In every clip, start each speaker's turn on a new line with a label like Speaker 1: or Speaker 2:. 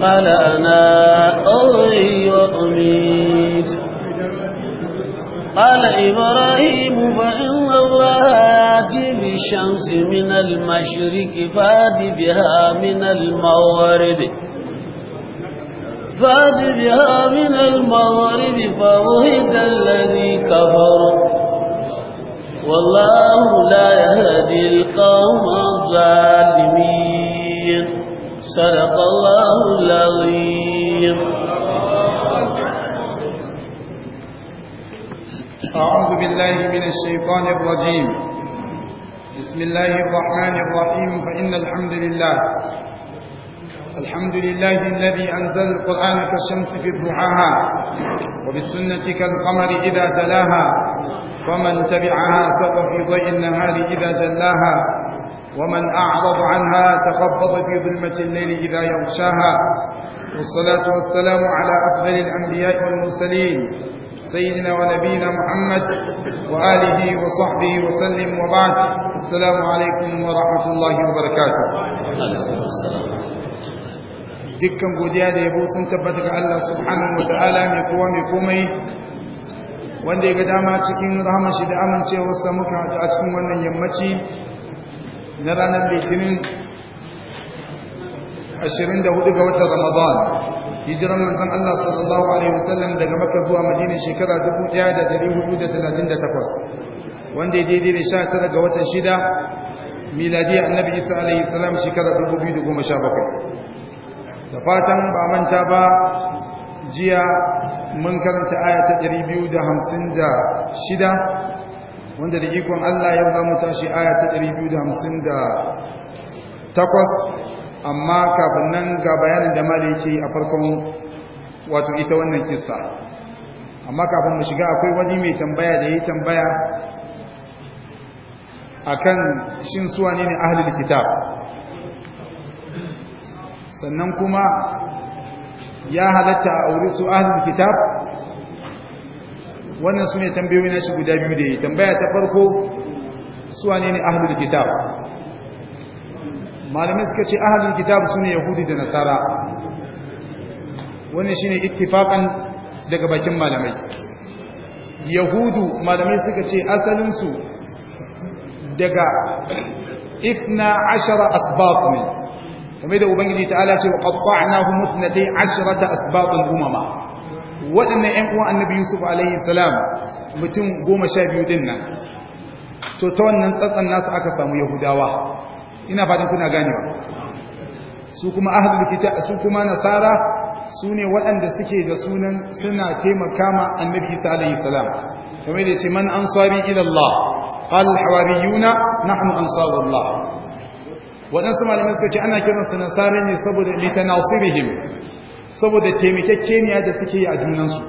Speaker 1: قال أنا أغي وأميت قال إبراهيم
Speaker 2: فإن الله
Speaker 1: آتي بالشمس من المشرك فات بها من المغرب فات بها من المغرب فوهد الذي كفر والله لا يهدي القوم الظالمين صدق الله العظيم
Speaker 3: أعوذ بالله من الشيطان الرجيم بسم الله الرحمن الرحيم فإن الحمد لله الحمد لله الذي أنزل القرآن كالشمس في ضحاها وبالسنة كالقمر إذا تلاها ومن تبعها سقى في ضيء النهار إذا جلاها ومن أعرض عنها تخبط في ظلمة الليل إذا يغشاها والصلاة والسلام على أفضل الأنبياء والمرسلين سيدنا ونبينا محمد وآله وصحبه وسلم وبعد السلام عليكم ورحمة الله وبركاته dukkan godiya da yabo sun tabbata ga Allah subhanahu wa ta'ala mai kowa mai komai wanda ya ga dama cikin rahmar shi da amincewarsa muka a cikin wannan yammaci na ranar litinin 24 ga watan ramadan hijiran manzon Allah sallallahu alaihi wasallam daga Makka zuwa Madina shekara 1438 wanda ya daidai da 19 ga watan shida, miladi annabi Isa alaihi salam shekara 2017 da fatan ba manta ba jiya mun karanta aya ta 256 wanda da ikon Allah yau za mu tashi aya ta 258 amma kafin nan ga bayanin da mali yake a farkon wato ita wannan kissa amma kafin mu shiga akwai wani mai tambaya da yayi tambaya akan shin suwa ne ahlul kitab sannan kuma ya halatta a aure su ahlul kitab wannan su ne tambayoyi na shi guda biyu da yi. tambaya ta farko suwa ne ne ahalul kitab malamai suka ce ahalul kitab su ne yahudi da nasara wannan shi ne ittifakan daga bakin malamai yahudu malamai suka ce asalinsu daga ifna ashara asbaq ne kamar da ubangiji ta'ala ce wa qatta'nahum ithnatay ashrata asbaqan umama waɗannan ‘yan uwan annabi yusuf alaihi salam mutum goma sha biyu din nan to ta wannan tsatsan nasu aka samu yahudawa ina faɗin kuna ganewa su kuma ahlul kitab su kuma nasara su ne waɗanda suke da sunan suna taimaka ma annabi isa alaihi salam kamar da ce man ansari ila allah na hannu an nahnu Allah. waɗansu malamai suka ce ana kiransu nasara ne saboda litanasirihim saboda taimakekeniya da suke yi a junansu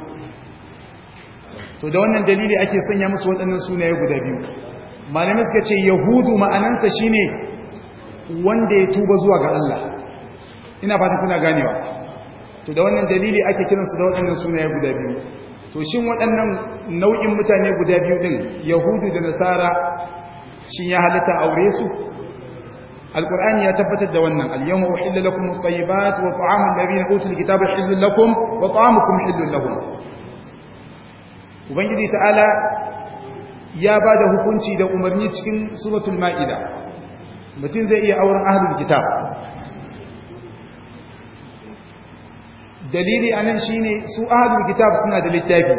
Speaker 3: to da wannan dalili ake sanya musu waɗannan sunaye guda biyu malamai suka ce yahudu ma'anansa shine wanda ya tuba zuwa ga Allah ina fatan kuna ganewa to da wannan dalili ake kiransu da waɗannan sunaye guda biyu to shin waɗannan nau'in mutane guda biyu din yahudu da nasara shin ya halatta aure su alqur'ani ya tabbatar da wannan al-yawma uhilla lakum at-tayyibat wa ta'amu alladhina utul kitaba hillun lakum wa ta'amukum hillun lahum ubangiji ya ba da hukunci da umarni cikin suratul ma'ida mutum zai iya auren ahlul kitab dalili anan shine su ahlul kitab suna da littafi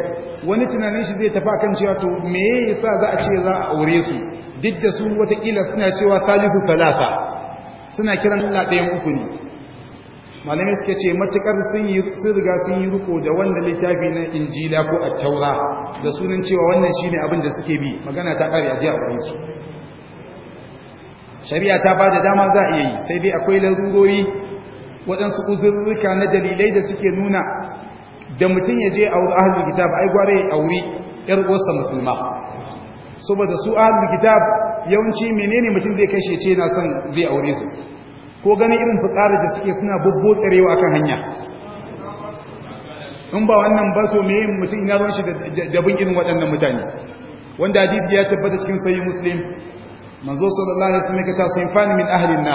Speaker 3: wani tunanin shi zai tafi akan cewa to me yasa za a ce za a aure su duk da su watakila suna cewa salisu salasa suna kiran Allah ɗayan uku ne malamai suka ce matuƙar sun yi riga sun yi riko da wannan littafi na injila ko a taura da sunan cewa wannan shine abin da suke bi magana ta a jiya a su shari'a ta bada dama za a yi sai dai akwai larurori waɗansu uzurruka na dalilai da suke nuna da mutum ya je a wuri ahalin kitab ai gware ya auri yar uwarsa musulma saboda su ahlul kitab yawanci menene mutum zai kashe ce na son zai aure su ko gani irin fitsarar da suke suna bubbo tsarewa akan hanya in ba wannan ba to me mutum ina ruwan shi da bin irin waɗannan mutane wanda hadith ya tabbata cikin sayi muslim manzo sallallahu alaihi wasallam ya sun fani min na.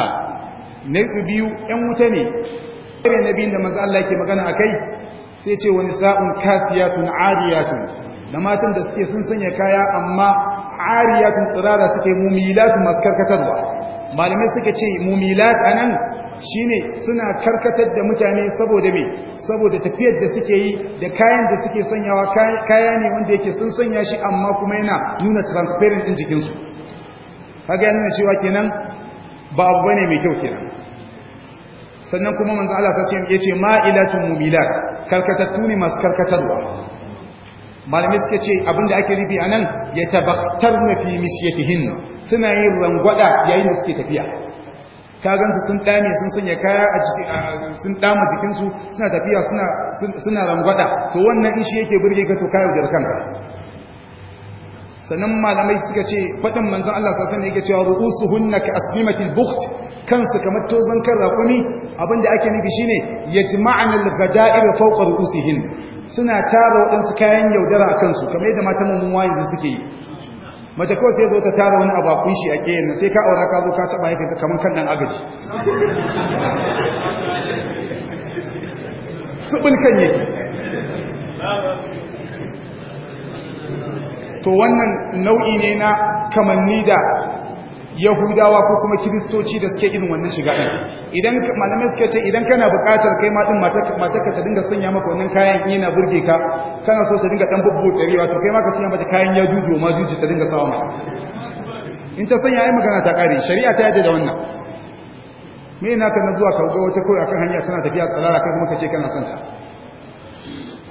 Speaker 3: Na ne biyu ƴan wuta ne irin da manzo Allah yake magana akai sai ce wani sa'un kasiyatun ariyatun da matan da suke sun sanya kaya amma ariyatun tsirara suke mumilatun masu karkatarwa malamai suka ce mumilat a nan ne suna karkatar da mutane saboda mai saboda tafiyar da suke yi da kayan da suke sanyawa kaya ne wanda yake sun sanya shi amma kuma yana nuna transparent din jikinsu kaga yana cewa kenan ba abu bane mai kyau kenan sannan kuma manzo Allah ta ce yace ma'ilatun mumilat karkatattu ne masu karkatarwa malamai suka ce abinda ake rufi a nan ya tabbatar na fi misyatihin suna yin rangwada yayin da suke tafiya ka gansu sun dame sun sanya kaya a jiki sun dama jikinsu suna tafiya suna rangwada to wannan ishi yake burge ka to kayan jarkan sannan malamai suka ce fadin manzon Allah sa sanin yake cewa ru'usuhunna ka aslimatil bukht kansu kamar tozon kan raƙumi abinda ake nufi shine yajma'an al-ghada'ir fawqa ru'usihin suna tara waɗansu kayan yaudara a kansu kamar yadda mata mummuwa yanzu suke yi mace kawai sai zo ta tara wani abu a a keyan nan sai ka aura ka zo ka taɓa haifinka kamar kan ɗan agaji suɓin kan yake to wannan nau'i ne na kamanni da yahudawa ko kuma kiristoci da suke irin wannan shiga ɗin idan malamai suke ce idan kana buƙatar kai ma ɗin ka ta dinga sanya maka wannan kayan yana burge ka kana so ta dinga ɗan bubbu ɗari to kai ma ka sanya mata kayan ya juju ma juji ta dinga sawa mata in ta sanya ai magana ta ƙare shari'a ta yadda da wannan me na ka na zuwa ka ga wata kawai akan hanya tana tafiya tsalala kai kuma ka ce kana son ta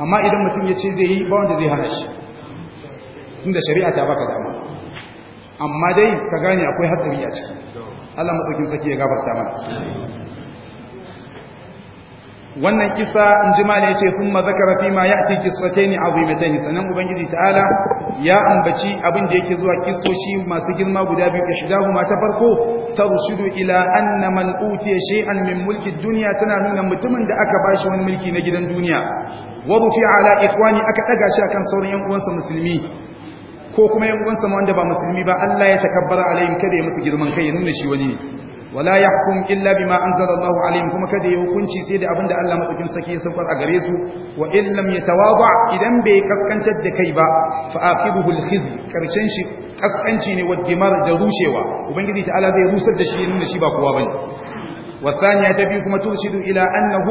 Speaker 3: amma idan mutum ya ce zai yi ba wanda zai hana shi tunda shari'a ta baka dama amma dai ka gane akwai hatsari a ciki Allah matsakin saki ya gabata mana wannan kisa in ji mala yace thumma zakara fi ma ya'ti qissatayn azimatayn Sannan ubangiji ta'ala ya ambaci abin da yake zuwa kisoshi masu girma guda biyu kuma ta farko ta rushudu ila anna man utiya shay'an min mulki duniya tana nuna mutumin da aka ba shi wani mulki na gidan duniya wa rufi ala ikhwani aka daga shi akan sauran yan musulmi ko kuma yan uwansa wanda ba musulmi ba Allah ya takabbara alaihim kada ya musu girman kai ya nuna shi wani ne wala yahkum illa bima anzala Allah alaihim kuma kada ya hukunci sai da abinda Allah madaukin saki ya saukar a gare su wa in lam yatawaba idan bai kaskantar da kai ba fa aqibuhu al-khizy karshen shi kaskanci ne wadimar da rushewa ubangiji Allah zai rusar da shi ya nuna shi ba kowa bane والثانية تبي كما ترشد إلى أنه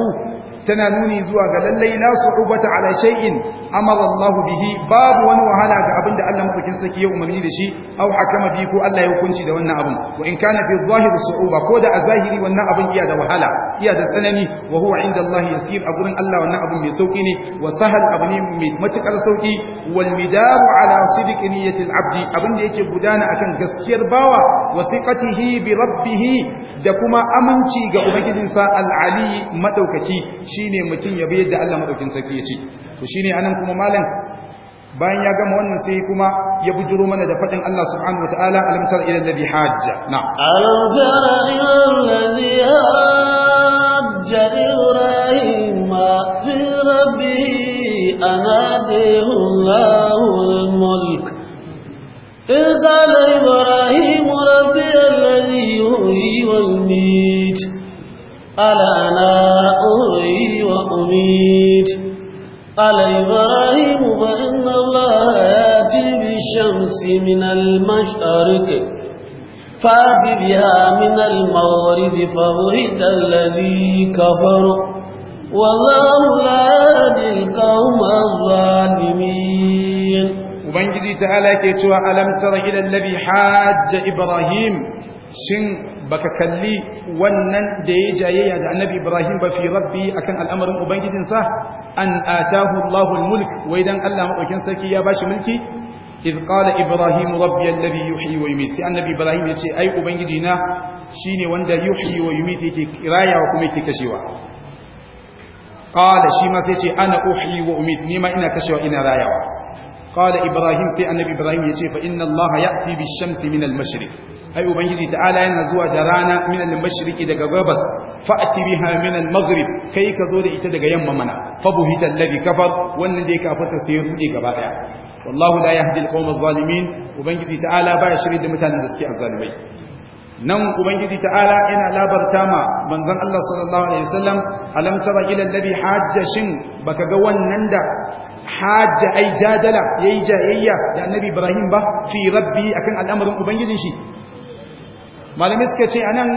Speaker 3: تنانوني زواج للي لا صعوبة على in. amara Allah bihi babu wani wahala ga abinda Allah mafakin saki ya umarni da shi aw hakama ko Allah ya hukunci da wannan abin wa in kana fi zahir su'uba ko da a zahiri wannan abin iya da wahala iya da tsanani wa huwa inda Allah yasir a gurin Allah wannan abin mai sauki ne wa sahal ne mai matukar sauki wal midaru ala sidq niyyati al-abdi abin da yake gudana akan gaskiyar bawa wa thiqatihi bi rabbih da kuma aminci ga ubangijinsa al-ali madaukaki shine mutum ya bi yadda Allah madaukin sarki ya ce to shine anan kuma malam bayan ya gama wannan sai kuma ya bujuro mana da fadin Allah subhanahu wataala alam tara ila allazi hajja na alam tara ila allazi
Speaker 1: hajja ibrahim fi rabbi anadihu allahul mulk
Speaker 3: إذ قال إبراهيم ربي الذي
Speaker 1: يحيي ويميت ألا أنا أحيي وأميت قال إبراهيم فإن الله يأتي بالشمس من المشارق فات بها من المغرب فبهت الذي
Speaker 3: كفر والله لا يهدي القوم الظالمين وبنجد تعالى كيتوا ألم تر إلى الذي حاج إبراهيم shin baka kalli wannan da ya jayayya da annabi ibrahim ba fi rabbi akan al'amarin ubangijinsa an atahu allahul mulk wai dan allah maɗaukin sarki ya bashi mulki idh qala ibrahim rabbi alladhi yuhyi wa yumiit sai annabi ibrahim ya ce ai ubangiji shine wanda yuhyi wa yumiit yake rayawa kuma yake kashewa qala shi ma sai ce ana uhyi wa umiit ni ma ina kashewa ina rayawa qala ibrahim sai annabi ibrahim ya ce fa inna allaha ya'ti bish-shamsi min al-mashriq ai ubangiji ta'ala yana zuwa da rana min al-mashriqi daga gabas fa'ti biha min al-maghrib kai ka zo da ita daga yamma mana fa buhita alladhi kafar wannan da ya kafarta sai ya rude gaba daya wallahu la yahdi al-qawm adh-dhalimin ubangiji ta'ala ya shiri da mutanen da suke azzalimai nan ubangiji ta'ala yana labarta ma manzon Allah sallallahu alaihi wasallam alam tara ila alladhi hajja shin baka ga wannan da hajja ai jadala yayi jayayya da annabi ibrahim ba fi rabbi akan al'amarin ubangijin shi malamai suka ce anan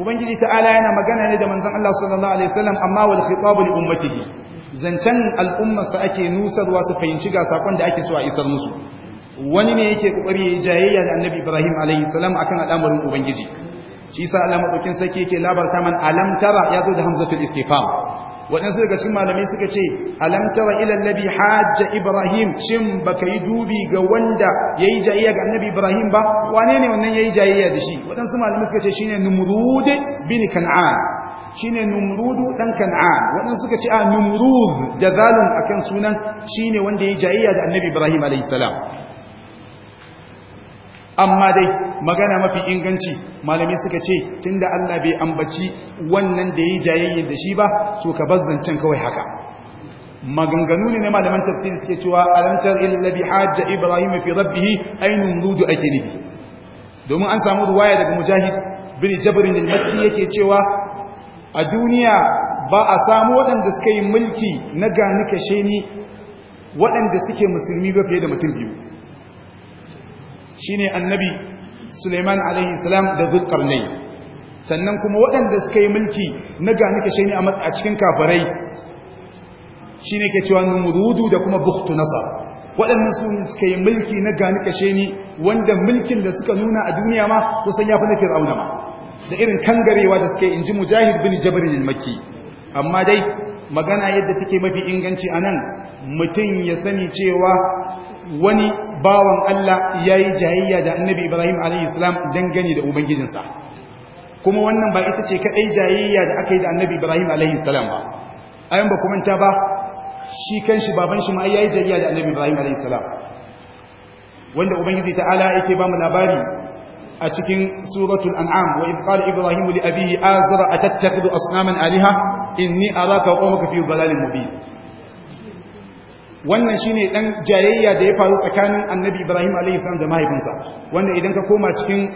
Speaker 3: ubangiji ta'ala yana magana ne da manzon Allah sallallahu alaihi wasallam amma wal khitabu li ummatihi zancen al'ummarsa sa ake nusarwa su fahimci ga sakon da ake so a isar musu wani ne yake kokari yayi jayayya da annabi Ibrahim alaihi salam akan al'amarin ubangiji shi sa Allah madaukin sarki yake labarta man alam tara ya zo da hamzatul istifham waɗansu daga cikin malamai suka ce alam tara ila alladhi hajja ibrahim shin baka yi dubi ga wanda yayi jayayya ga annabi ibrahim ba wane ne wannan yayi jayayya da shi waɗansu malamai suka ce shine numrud bin kan'an shine numrudu dan kan'an waɗansu suka ce a numrud da zalun akan sunan shi ne wanda yayi jayayya da annabi ibrahim alayhi salam amma dai magana mafi inganci malami suka ce tunda Allah bai ambaci wannan da ya yi jayayyar da shi ba so ka bazzancen kawai haka maganganu ne na malaman tafsiri suke cewa alantar illabi hajja ibrahim fi rabbih ainun nudu akilibi domin an samu ruwaya daga mujahid bin jabr bin al yake cewa a duniya ba a samu waɗanda suka yi mulki na gani kashe ni waɗanda suke musulmi ba fiye da mutum biyu shine annabi Suleiman alaihi salam da Zulkarnain sannan kuma waɗanda suka yi mulki na gani kashe a cikin kafarai shine ke cewa Numrudu da kuma Bukhtu nasa, waɗannan su suka yi mulki na gani kashe wanda mulkin da suka nuna a duniya ma kusan ya fi na Fir'auna ma da irin kangarewa da suka yi inji Mujahid bin Jabr al-Makki amma dai magana yadda take mafi inganci anan mutum ya sani cewa wani bawan Allah ya yi jayayya da annabi Ibrahim alaihissalam dangane da Ubangijinsa kuma wannan ba ita ce kaɗai jayayya da aka yi da annabi Ibrahim alaihissalam ba ayan ba kumanta ba shi kan shi baban shi ma ya yi jayayya da annabi Ibrahim alaihissalam wanda Ubangiji ta'ala yake ba mu labari a cikin suratul an'am wa in ibrahim li abihi azra atattakhidhu asnaman alaha inni araka wa qawmaka fi dhalalin mubin wannan shi ne ɗan jayayya da ya faru tsakanin annabi ibrahim a.s. da mahaifinsa wanda idan ka koma cikin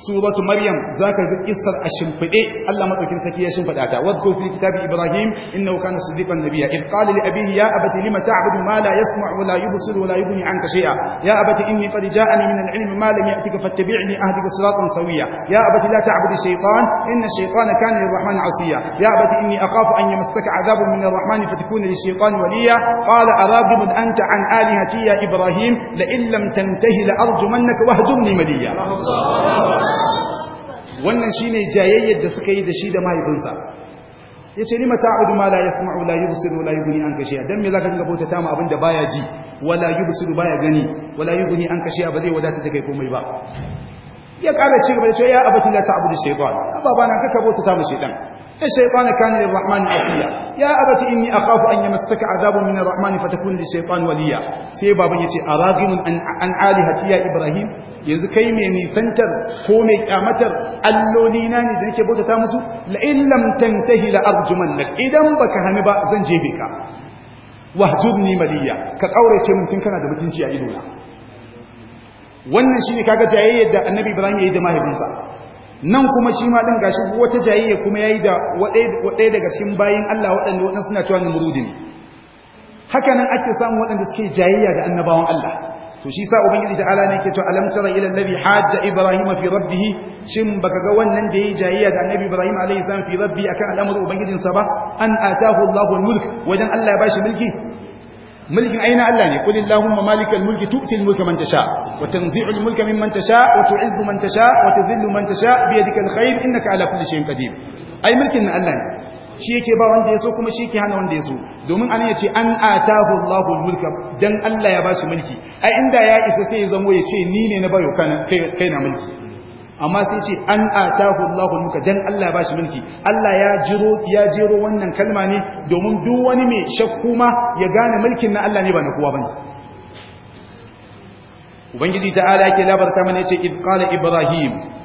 Speaker 3: suratu maryam zaka ga kissar a shimfide Allah madaukin saki ya shimfida ta wadkur fi kitabi ibrahim innahu kana siddiqan nabiyya id qala li abihi ya abati lima ta'budu ma la yasma'u wa la yubsiru wa la yughni 'anka shay'a ya abati inni qad ja'ani min al-'ilm ma lam ya'tika fattabi'ni ahdika siratan sawiyya ya abati la ta'budu shaytan inna ash-shaytana kana lir-rahmani 'asiyya ya abati inni akhafu an yamassaka 'adhabun min ar-rahmani fatakuna lish-shaytani waliyya qala araghibun anta 'an alihati ya ibrahim la in lam tantahi la arjumannaka wahjurni maliyya Allah wannan shine jayayyar da suka yi da shi da mahaifinsa yace lima ta'budu ma la yasma'u la yubsiru la yughni an shay'a dan me zaka dinga bauta ta mu abinda baya ji wala yubsiru baya gani wala yughni an kashe? ba zai wadata da kai komai ba ya kara ci gaba da cewa ya abati la ta'budu shaytan ababa ah, na kaka bauta ta ya shaytan الشيطان كان a عصيا يا أبت إني أخاف أن يمسك عذاب من الرحمن فتكون للشيطان وليا سيبا بن يتي أراغم عن, عن آلهتي يا Ibrahim. yanzu kai mai nisantar ko mai kyamatar alloli na ne da nake ta musu la'illam illam tantahi la arjumannak idan baka hani ba zan jefe ka wahjurni maliya ka kaurace mun tun kana da mutunci a idona wannan shine kaga jayayyar da annabi ibrahim yayi da mahaifinsa nan kuma shi ma din gashi wata jayayya kuma yayi da wadai daga cikin bayin Allah waɗanda waɗansu suna cewa namrudi ne haka ake samun waɗanda suke jayayya da annabawan Allah to shi sa ubangiji ta'ala ne ke to alam tara ila allazi hajja ibrahim fi rabbih shin baka ga wannan da yayi jayayya da annabi ibrahim alaihi salam fi rabbi akan al'amur ubangijin sa ba an atahu allahu almulk wajen allah ya bashi mulki mulkin aina allah ne kulli allahumma malikal mulki tu'ti almulka man tasha wa tanzi'u almulka mimman tasha wa tu'izzu man tasha wa tudhillu man tasha bi yadika alkhair innaka ala kulli shay'in qadir ai mulkin na allah ne shi yake ba wanda ya so kuma shi yake hana wanda ya so domin an yace an atahu Allahul mulka dan Allah ya bashi mulki ai inda ya isa sai ya zamo ya ce ni ne na bayo kai na mulki amma sai ce an atahu Allahul mulka dan Allah ya bashi mulki Allah ya jiro ya jiro wannan kalma ne domin duk wani mai shakku ma ya gane mulkin na Allah ne ba na kowa bane ubangiji ta'ala yake labarta mana yace id qala ibrahim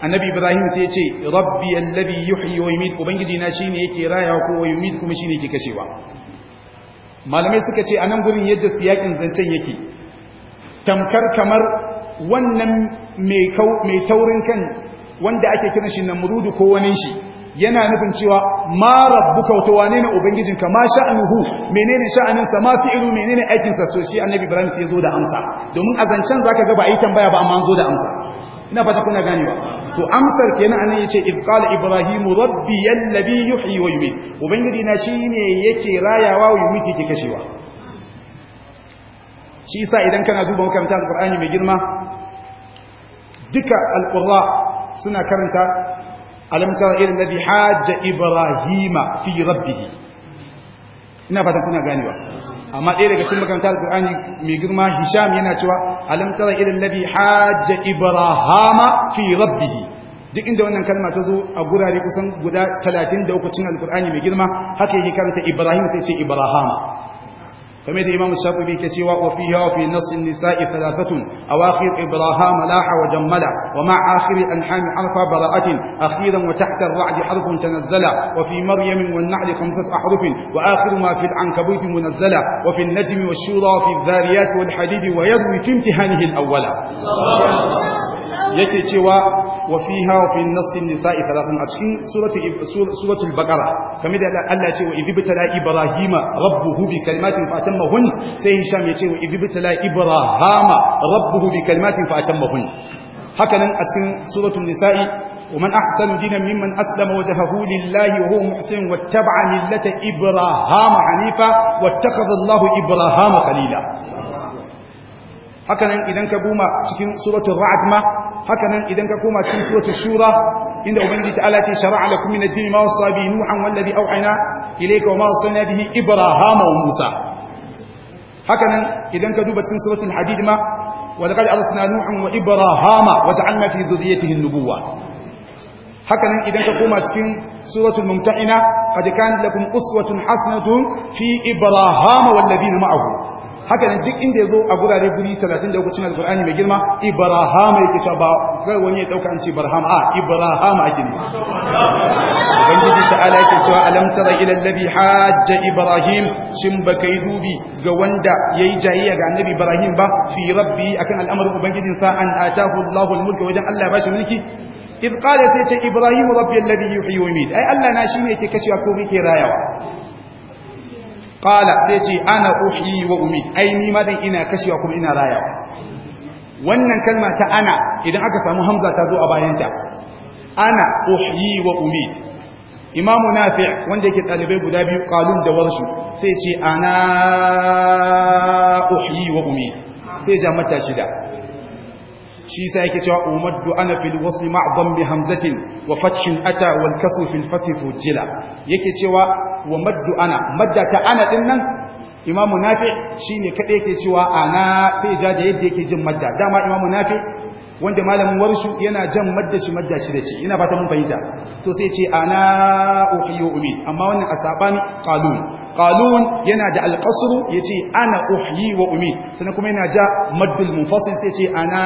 Speaker 3: annabi ibrahim sai ya ce rabbi allazi yuhyi wa yumit ubangiji na shine yake rayawa ko wa yumiit kuma shine yake kashewa malamai suka ce anan gurin yadda siyakin zancen yake tamkar kamar wannan mai taurin kan wanda ake kiran shi namrudu ko wani shi yana nufin cewa ma rabbuka wato wane ne ka, ma sha'anuhu menene sa ma fi'ilu menene aikin aikinsa so shi annabi ibrahim sai ya zo da amsa domin a zancen zaka ga ba a yi tambaya ba amma an zo da amsa ina fata kuna gane ba to amsar kenan anan yace if qala ibrahimu rabbi alladhi yuhyi wa yumiit ubangiji na shine yake rayawa wa yumiit kashewa shi yasa idan kana duba makarantar alqur'ani mai girma duka alqurra suna karanta alam tara ila alladhi hajja ibrahima fi rabbihi. ina fatan kuna ganewa amma ɗaya daga cikin makaranta Alƙur'ani mai girma hisham yana cewa alam tara ila alladhi hajja ibrahama fi rabbih duk inda wannan kalma ta zo a gurare kusan guda 33 cikin Alƙur'ani mai girma haka yake karanta ibrahim sai ce ibrahama كما الإمام الشافعي الشافعي كتي وفيها وفي نص النساء ثلاثة أواخر إبراهام لاح وجمل ومع آخر الأنحام حرف براءة أخيرا وتحت الرعد حرف تنزل وفي مريم والنعل خمسة أحرف وآخر ما في العنكبوت منزل وفي النجم والشورى وفي الذاريات والحديد ويروي في امتحانه الأول يكتي وفيها وفي النص النساء ثلاث أتشكين سورة, سورة البقرة كما يقول الله يقول وإذ ابتلى إبراهيم ربه بكلمات فأتمهن هشام يقول وإذ ابتلى إبراهام ربه بكلمات فأتمهن هكذا أتشكين سورة النساء ومن أحسن دينا ممن أسلم وجهه لله وهو محسن واتبع ملة إبراهام حنيفا واتخذ الله إبراهام خليلا هكذا إذا كبوما goma سورة suratul Hakanan idan ka koma cikin suratul shura inda ubangiji ta'ala ce shar'a lakum min ad-din ma wasa bi nuhan wallazi au'ayna ilayka wa ma wasayna bihi ibrahama wa musa Hakanan idan ka duba cikin suratul hadid ma wa laqad arsalna nuhan wa ibrahama wa ja'alna fi dhurriyyatihi an-nubuwwa haka nan idan ka koma cikin suratul mumtahina qad kanat lakum uswatun hasanatun fi ibrahama wallazina ma'ahu haka ne duk inda ya zo a gurare guri 33 cikin alkur'ani mai girma ibrahama yake ta ba kai wani ya dauka an ce ibrahama a ibrahama ake ne ubangiji ta'ala yake cewa alam tara ila allazi hajja ibrahim shin baka yi dubi ga wanda yayi jayayya ga annabi ibrahim ba fi rabbi akan al'amarin ubangijin sa an atahu allahul mulka wajen allah ba shi mulki idh qala sai ce ibrahim rabbi allazi yuhyi wa yumiit ai allah na shine yake kashewa ko yake rayawa qala sai ce ana uhi wa umi ai ni ma dan ina kashewa kuma ina raya. wannan kalma ta ana idan aka samu hamza ta zo a bayanta ana uhi wa umi imamu nafi wanda yake talibai guda biyu qalun da warshu sai ce ana uhi wa umi sai ja mata shida shi sa yake cewa umaddu ana fil wasl ma'dham bi hamzatin wa fathin ata wal kasr fil fath fujila yake cewa wa maddu ana madda ta ana din nan imamu nafi shine kadai yake cewa ana sai ja da yadda yake jin madda dama imamu nafi wanda malamin warshu yana jan madda shi madda shi da ci ina fata mun fahimta to sai ce ana uhiyu umi amma wannan asabani qalun qalun yana da alqasru yace ana uhyi wa umi sannan kuma yana ja maddul munfasil sai yace ana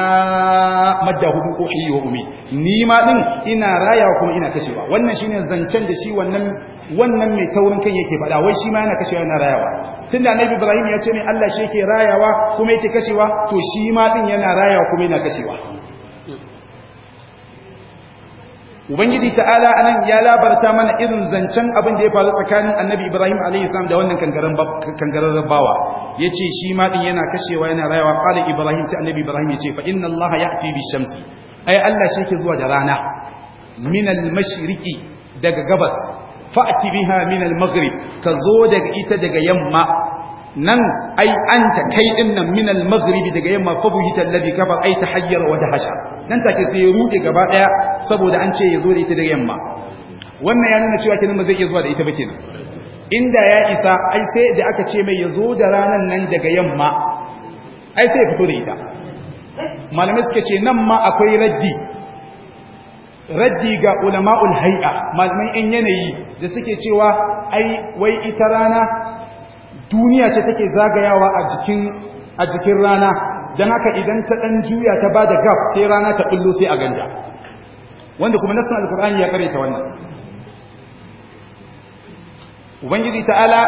Speaker 3: madda hudu uhyi wa umi ni ma din ina rayawa kuma ina kashewa wannan shine zancen da shi wannan wannan mai taurin kai yake faɗa wai shi ma yana kashewa yana rayawa tunda annabi ibrahim ya ce ne Allah shi yake rayawa kuma yake kashewa to shi ma din yana rayawa kuma yana kashewa ubangiji ta'ala anan ya labarta mana irin zancen abin da ya faru tsakanin annabi ibrahim alaihi salam da wannan kangaran rabbawa yace shi ma din yana kashewa yana rayawa qala ibrahim sai annabi ibrahim yace fa inna allaha ya'ti bi shamsi ai allah shi ke zuwa da rana min al mashriqi daga gabas fa'ti biha min al maghrib ka zo daga ita daga yamma nan ai anta kai din nan min al maghribi daga yamma fa buhita alladhi kafar ai tahayyara wa dahasha nan take sai ya rude gaba daya saboda an ce ya zo da ita da yamma wannan ya nuna cewa kenan ba zai iya zuwa da ita ba kenan inda ya isa ai sai da aka ce mai ya zo da ranan nan daga yamma ai sai ya fito da ita malamai suka ce nan ma akwai raddi raddi ga ulama'ul hay'a malamai yan yanayi da suke cewa ai wai ita rana duniya ce take zagayawa a jikin a jikin rana don haka idan ta ɗan juya ta ba da gaf sai rana ta ɓullo sai a ganta wanda kuma nassan alkur'ani ya kare ta wannan ubangiji ta'ala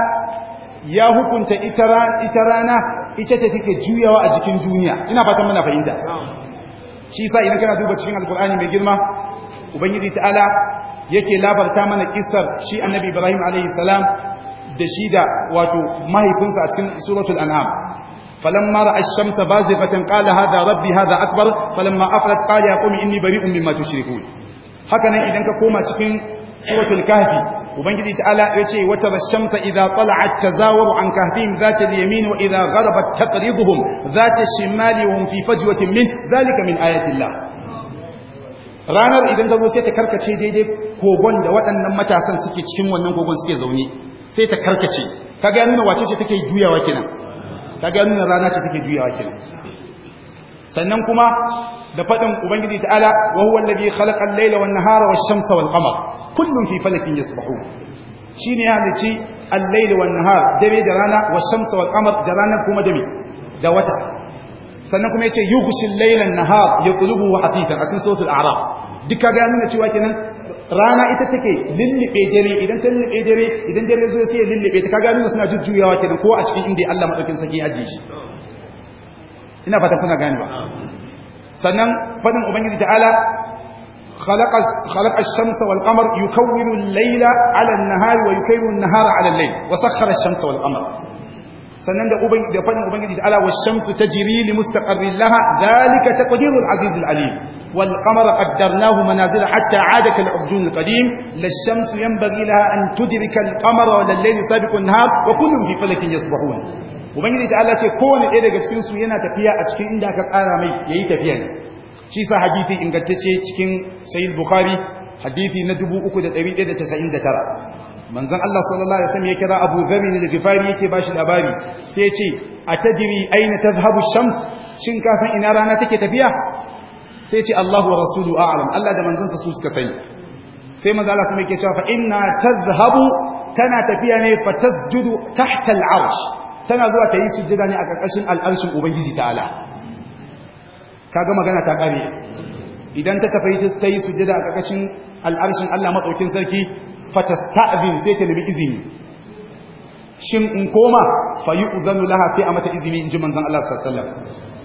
Speaker 3: ya hukunta ita rana ita ce take juyawa a jikin duniya ina fatan muna fahimta shi sa idan kana duba cikin alkur'ani mai girma ubangiji ta'ala yake labarta mana kisar shi annabi ibrahim Alayhi salam da shi da wato mahaifinsa a cikin suratul an'am فلما راى الشمس بازغه قال هذا ربي هذا اكبر فلما افلت قال يا قوم اني بريء مما تشركون هكذا اذا كما cikin سوره الكهف ubangiji ta'ala yace wata rashamta idza tala'at tazawaru an kahfihim dhat al-yamin wa idza gharabat taqriduhum dhat al-shimali wa fi fajwatin min dhalika min ayati ranar idan ta zo sai ta karkace daidai kogon da waɗannan matasan suke cikin wannan kogon suke zaune sai ta karkace ka ga nuna wace ce take juyawa kenan kaga nuna rana ce take juyawa kenan sannan kuma da fadin ubangiji ta'ala wa huwa alladhi khalaqa al-layla wan-nahara wash-shamsa wal-qamar kullun fi falakin yasbahun shine ya halici al-layla wan-nahar dare da rana wash-shamsa wal-qamar da rana kuma dare da wata sannan kuma yace yughshi al-layla an-nahar yaqlubuhu hatitan asin sawt al-a'raf duk kaga nuna cewa kenan rana ita take lullube dare idan ta lullube dare idan dare zo sai lullube ta kaga nuna suna jujjuyawa kenan ko a cikin inda Allah madaukin saki ya ajiye shi ina fata kuna gane ba sannan fadin ubangiji ta'ala خلق خلق الشمس والقمر يكون الليل على النهار ويكون النهار على الليل وسخر الشمس والقمر sannan da uban da fadin ubangiji ta'ala washamsu tajri li mustaqarrin laha zalika taqdirul azizul alim والقمر قدرناه منازل حتى عاد كالعرجون القديم لا الشمس ينبغي لها أن تدرك القمر ولا الليل سابق النهار وكلهم في فلك يسبحون ubangiji ta Allah ce kowane ɗaya daga cikin yana tafiya a cikin inda aka tsara mai yayi tafiya ne shi sa cikin sahih bukhari hadisi na 3199 manzon Allah sallallahu alaihi wasallam ya kira Abu Dharr al-Ghifari yake bashi labari sai ya ce atadri aina tadhhabu shams shin ka san ina rana take tafiya sai ce Allah wa rasulu a'lam Allah da manzansa su suka sani sai manzo Allah kuma yake cewa fa inna tazhabu tana tafiya ne fa tasjudu tahta al'arsh tana zuwa ta yi sujjada ne a karkashin al'arshin ubangiji ta'ala kaga magana ta kare idan ta tafi ta yi sujjada a karkashin al'arshin Allah madaukin sarki fa tasta'zin sai ta nemi izini shin in koma fa yi laha sai a mata izini in ji manzon Allah sallallahu alaihi wasallam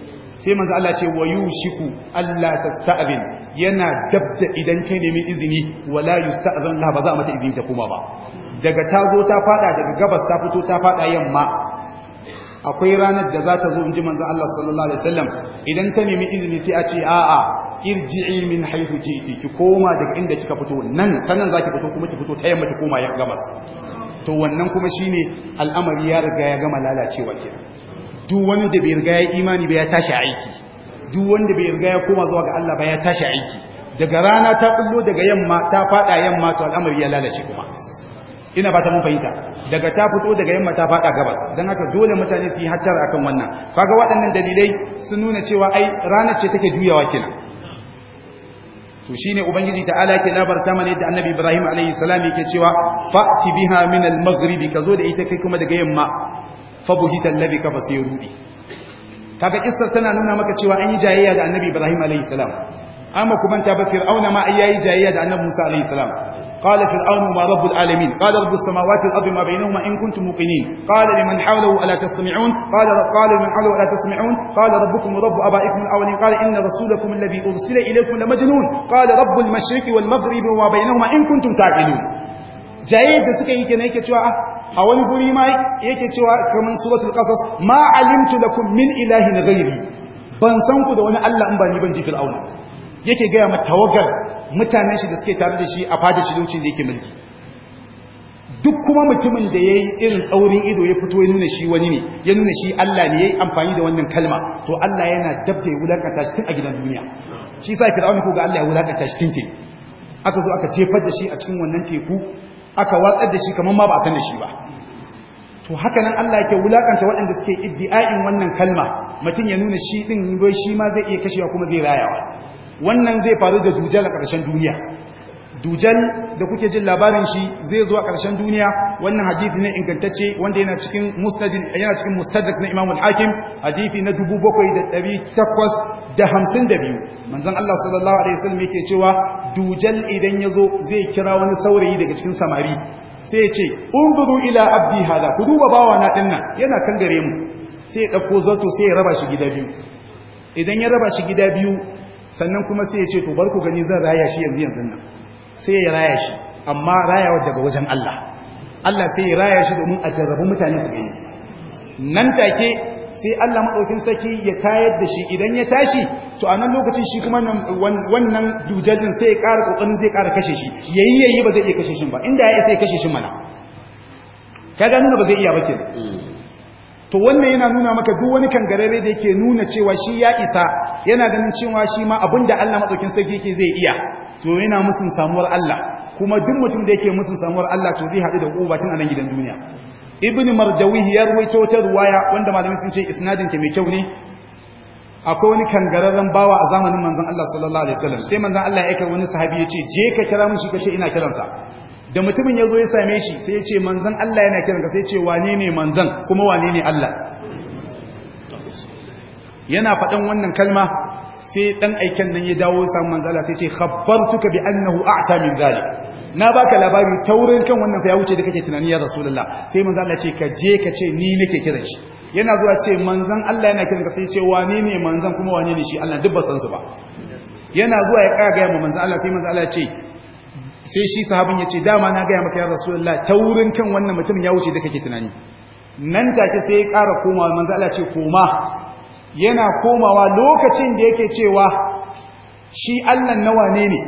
Speaker 3: sai manzo Allah ce wa yushiku Allah tasta'bin yana dabda idan kai nemi izini wala yusta'zan la ba za a mata izini ta kuma ba daga ta zo ta fada daga gabas ta fito ta fada yamma akwai ranar da za ta zo inji manzo Allah sallallahu alaihi wasallam idan ta nemi izini sai a ce a'a irji'i min haythu ji'ti ki koma daga inda kika fito nan ta nan zaki fito kuma ki fito ta yamma ki koma gabas to wannan kuma shine al'amari ya riga ya gama lalacewa kenan duk wanda da bai riga ya imani ba ya tashi aiki duk wanda bai riga ya koma zuwa ga Allah ba ya tashi aiki daga rana ta kullo daga yamma ta fada yamma to al'amari ya lalace kuma ina ba ta mun fahimta daga ta fito daga yamma ta fada gabas dan haka dole mutane su yi hattar akan wannan kaga waɗannan dalilai sun nuna cewa ai rana ce take juyawa kina. to shine ubangiji ta'ala ke ta mane da annabi ibrahim alayhi salam yake cewa fa'ti biha min al-maghrib kazo da ita kai kuma daga yamma fabuhitan labi kafa sai rudi kaga kissar tana nuna maka cewa an yi jayayya da annabi ibrahim alayhi salam amma kuma ta ba fir'auna ma ay jayayya da annabi musa alayhi salam qala fir'aun ma rabbul alamin qala rabbus samawati wal ardi ma bainahuma in kuntum muqinin qala liman hawlahu ala tasmi'un qala qala liman hawlahu ala tasmi'un qala rabbukum rabbu abaikum al awwalin qala inna rasulakum alladhi ursila ilaykum la majnun qala rabbul mashriqi wal maghribi wa bainahuma in kuntum taqilun jayayya da suka yi kenan yake cewa ah, a wani guri ma yake cewa kamar suratul qasas ma alimtu lakum min ilahin ghairi ban san ku da wani Allah in ba ni ban ji fir'auna yake ga ma tawagar mutanen shi da suke tare da shi a fada shi lokacin da yake mulki duk kuma mutumin da yayi irin tsaurin ido ya fito ya nuna shi wani ne ya nuna shi Allah ne yayi amfani da wannan kalma to Allah yana dabbe wulakanta shi tun a gidan duniya shi sai fir'auna ko ga Allah ya wulakanta shi tintin aka zo aka jefar da shi a cikin wannan teku aka watsar da shi kamar ma ba a san da shi ba to haka nan Allah yake wulakanta waɗanda suke iddi'a'in wannan kalma mutum ya nuna shi din bai shi ma zai iya kashewa kuma zai rayawa wannan zai faru da dujal a ƙarshen duniya dujal da kuke jin labarin shi zai zo a ƙarshen duniya wannan hadisi ne ingantacce wanda yana cikin musnad yana cikin mustadrak na Imam al-Hakim hadisi na 7852 manzon Allah sallallahu alaihi wasallam yake cewa dujal idan ya zo zai kira wani saurayi daga cikin samari sai ya ce unzuru ila abdi hada ku duba bawa na dinnan yana kan gare mu sai ya ɗauko zato sai ya raba shi gida biyu idan ya raba shi gida biyu sannan kuma sai ya ce to bar gani zan raya shi yanzu yanzu nan sai ya raya shi amma rayawa daga wajen Allah Allah sai ya raya shi domin a jarrabu mutane su gani nan take sai Allah maɗaukin saki ya tayar da shi idan ya tashi to a nan lokaci shi kuma wannan dujajin sai ya ƙara ƙoƙarin zai ƙara kashe shi yayi yayi ba zai iya kashe shi ba inda ya isa ya kashe shi mana ka ga nuna ba zai iya ba ke mm. to wannan yana nuna maka duk wani kangarare da yake nuna cewa shi ya isa yana ganin cewa shi ma abinda Allah madaukin sarki yake zai iya to yana musun samuwar Allah kuma duk mutum da yake musun samuwar Allah to zai haɗu da uba tun a nan gidan duniya ibn mardawi ya ruwaito ta ruwaya wanda malamin sun ce isnadin ta mai kyau ne akwai wani kangararren bawa a zamanin manzon Allah sallallahu alaihi wasallam sai manzon Allah ya aika wani sahabi ya ce je ka kira mun shi kace ina kiransa da mutumin ya zo ya same shi sai ya ce manzon Allah yana kiran ka sai ya ce wane ne manzon kuma wane ne Allah yana faɗan wannan kalma sai dan aiken nan ya dawo samun manzala sai ya ce khabbartuka bi annahu a'ta min zalik na baka labari taurin kan wannan fa ya wuce da kake tunani ya rasulullah sai manzala ce ka je ka ce ni nake kiran shi yana zuwa ce manzan Allah yana kiran ka sai ce wane ne manzan kuma wane ne shi Allah duk ba san su ba yana zuwa ya kaga ya manzan Allah sai manzan Allah ce sai shi sahabin ya ce dama na gaya maka ya rasulullah ta wurin kan wannan mutum ya wuce da kake tunani nan take sai ya ƙara komawa manzan Allah ce koma yana komawa lokacin da yake cewa shi Allah na wane ne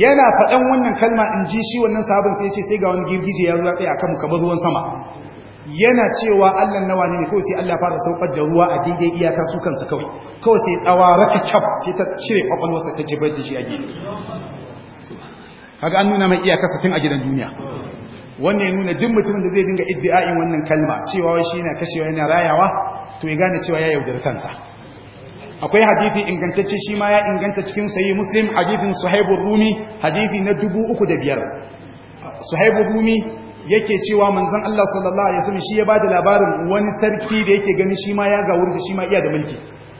Speaker 3: yana faɗan wannan kalma in ji shi wannan sahabin sai ya ce sai ga wani girgije ya zuwa tsaye akan mu kamar ruwan sama yana cewa Allah nawa ne kawai sai Allah fara saukar da ruwa a daidai iyaka su kansa kawai kawai sai tsawara ta cap sai ta cire kwakwalwarsa ta jibar da shi a kaga an nuna mai iyaka satin a gidan duniya wannan ya nuna duk mutumin da zai dinga iddi'a'in wannan kalma cewa wai shi yana kashewa yana rayawa to ya gane cewa ya yaudar kansa akwai hadithi ingantacce shi ma ya inganta cikin sayi muslim hadithin suhaibu rumi hadithi na dubu uku da biyar Suhaibu rumi yake cewa manzon Allah sallallahu alaihi wasallam shi ya bada labarin wani sarki da yake gani shi ma ya ga wurin shi ma iya da mulki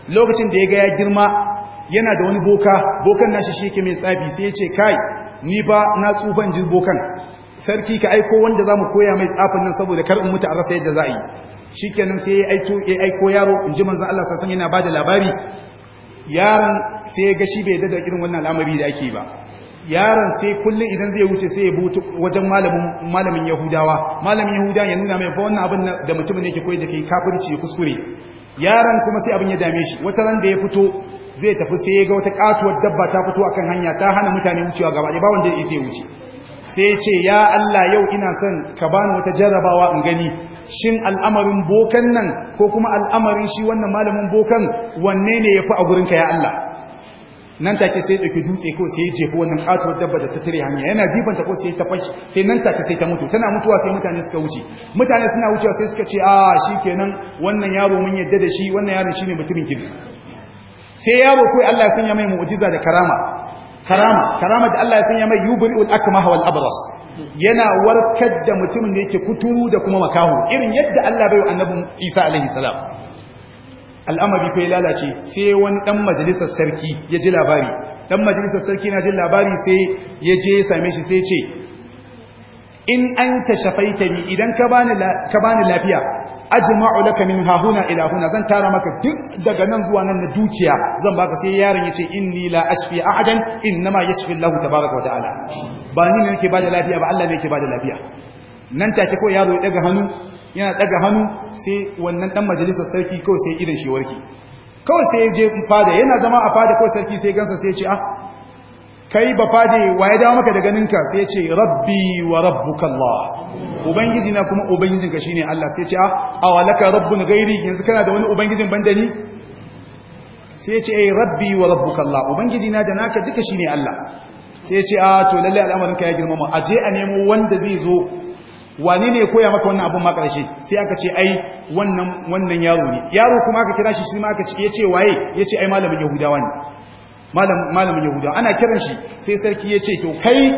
Speaker 3: lokacin da ya ga ya girma yana da wani boka bokan nashi shi yake mai tsafi sai ya ce kai ni ba na tsufan jin bokan sarki ka aiko wanda za mu koya mai tsafin nan saboda kar in mutu a rasa yadda za a yi shikenan sai ya aiko ya aiko yaro in ji manzon Allah sallallahu alaihi wasallam yana bada labari yaron sai ya ga shi bai da irin wannan al'amari da ake ba yaron sai kullum idan zai wuce sai ya buta wajen malamin yahudawa malamin yahudawa ya nuna mai ba wannan abin da ne yake koyi da kai kafirci ya kuskure yaron kuma sai abin ya dame shi wata ran da ya fito zai tafi sai ya ga wata katuwar dabba ta fito akan hanya ta hana mutane wucewa gaba ba wanda ya ce wuce sai ya ce ya Allah yau ina son ka bani wata jarrabawa in gani shin al'amarin bokan nan ko kuma al'amarin shi wannan malamin bokan wanne ne ya fi a gurinka ya Allah nan take sai ya dauki dutse ko sai ya jefa wannan katuwar dabba da ta tare hanya yana jifanta ko sai ta fashi sai nan take sai ta mutu tana mutuwa sai mutane suka wuce mutane suna wucewa sai suka ce a ah, shikenan wannan yaro mun yadda da shi wannan yaron shine mutumin kirki sai yaro kai Allah ya sanya mai mu'jiza da karama karama karama da Allah ya sanya mai yubri'ul akmaha wal abras yana warkar da mutumin da yake kuturu da kuma makahu irin yadda Allah bai annabi Isa alaihi salam al'amari fa ya lalace sai wani dan majalisar sarki ya ji labari dan majalisar sarki na ji labari sai ya je ya same shi sai ce in an shafaita ni idan ka bani lafiya ajma'u laka min hahuna ila huna zan tara maka duk daga nan zuwa nan na dukiya zan baka sai yaron ya inni la ashfi ahadan innama yashfi Allahu tabaaraka wa ta'ala ba ni ne nake bada lafiya ba Allah ne yake bada lafiya nan take ko yaro ya daga hannu yana daga hannu sai wannan dan majalisar sarki ko sai idan shi warki kawai sai je fada yana zama a fada ko sarki sai gansa sai ce ah kai ba fada wa ya dawo maka da ganinka sai ce rabbi wa rabbuka Allah ubangiji na kuma ubangijinka shine Allah sai ce ah awalaka rabbun ghairi yanzu kana da wani ubangijin banda ni sai ce ai eh, rabbi wa rabbuka Allah ubangiji na da naka duka shine Allah sai ce ah to lalle al'amarin ka ya girmama a je a nemo wanda zai zo wani ne koya maka wannan abin ma sai aka ce ai wannan yaro ne yaro kuma aka kira shi shi ma aka ce yace waye yace ai malamin yahudawa ne malamin yahudawa ana kiran shi sai sarki ce to kai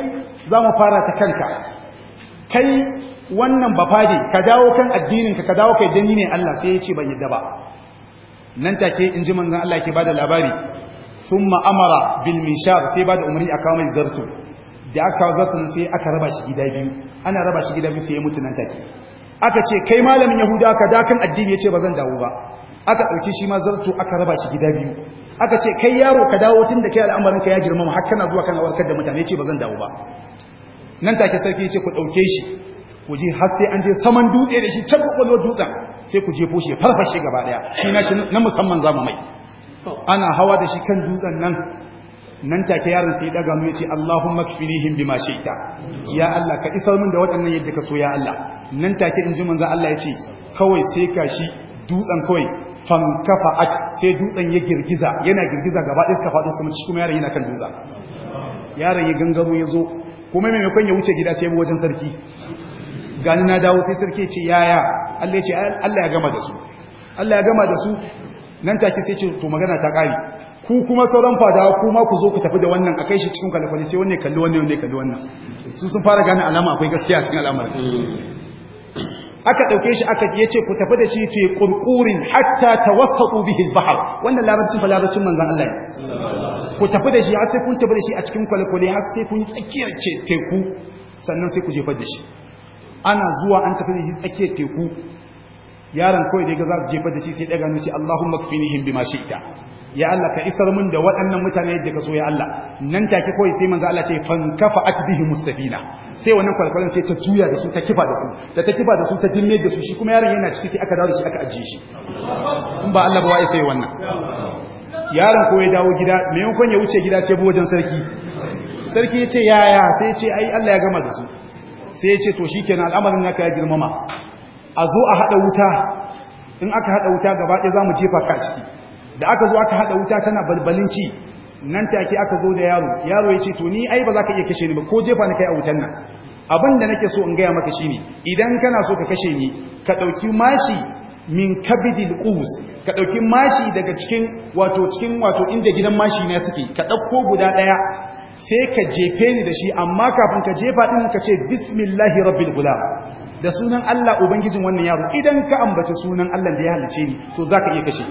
Speaker 3: mu fara ta kanka kai wannan bafade ka dawo kan addininka ka dawo kai dani ne Allah sai ce ban yadda ba nan take in ji manzan Allah ke bada labari thumma amara bil sai bada a aka mai zarto da aka zartu sai aka raba shi gida biyu ana raba shi gidan biyu sai ya mutu nan take aka ce kai malamin yahuda ka dakan addini ya ce ba zan dawo ba aka ɗauki shi ma zarto aka raba shi gida biyu aka ce kai yaro ka dawo tun da kai ka ya girmama har kana zuwa kana warkar da mutane ce ba dawo ba nan take sarki ya ce ku ɗauke shi ku je har sai an je saman dutse da shi can kwakwalwar dutsen sai ku je fushi ya farfashe gaba ɗaya shi na shi na musamman za mai ana hawa da shi kan dutsen nan nan take yaron sai daga mu yace Allahumma kfinihim bima shi'ta ya Allah ka isar min da waɗannan yadda ka so ya Allah nan take inji ji manzo Allah yace kawai sai ka shi dutsen kawai kafa'at sai dutsen ya girgiza yana girgiza gaba ɗaya suka faɗo sama kuma yaron yana kan dutsen yaron ya gangamo ya zo kuma mai ya wuce gida sai ya wajen sarki gani na dawo sai sarki ya ce yaya Allah ya Allah ya gama da su Allah ya gama da su nan take sai ce to magana ta ƙare ku kuma sauran fadawa kuma ku zo ku tafi da wannan akai shi cikin kwalkwali sai wanne kalli wanne wanne kalli wannan su sun fara gane alama akwai gaskiya cikin al'amarin hmm. aka dauke shi aka ce ku tafi da shi fi qurqurin hatta tawassatu bihi al-bahr wannan larabcin fa larabcin manzon
Speaker 2: Allah
Speaker 3: ku tafi da shi har sai kun tafi da shi a cikin kwalkwali har sai kun tsakiyar ce teku sannan sai ku jefa da shi ana zuwa an tafi da shi tsakiyar teku yaron kawai da ga za su jefa da shi sai daga nuci Allahumma kfinihim bima shi'ta ya Allah ka isar mun da waɗannan mutane yadda ka so ya Allah nan take kawai sai manzo Allah ce kafa akbihi mustafina sai wannan kwalkwalan sai ta juya da su ta kifa da su da ta kifa da su ta dinne da su shi kuma yaron yana ciki sai aka dawo shi aka ajiye shi in ba Allah ba wai sai wannan yaron ko ya dawo gida me maimakon ya wuce gida sai wajen sarki sarki ya ce yaya sai ya ce ai Allah ya gama da su sai ya ce to shikenan al'amarin naka ya girmama a zo a hada wuta in aka hada wuta gaba ɗaya za mu jefa ka ciki da aka zo aka hada wuta tana balbalin ci nan take aka zo da yaro yaro ya ce to ni ai ba za ka iya kashe ni ba ko jefa ni kai a wutan nan abin da nake so in gaya maka shi ne, idan kana so ka kashe ni ka dauki mashi min kabidil qus ka dauki mashi daga cikin wato cikin wato inda gidan mashi na suke ka dauko guda daya sai ka jefe ni da shi amma kafin ka jefa din ka ce bismillahi rabbil gulam da sunan Allah ubangijin wannan yaro idan ka ambaci sunan Allah da ya halice ni to zaka iya kashe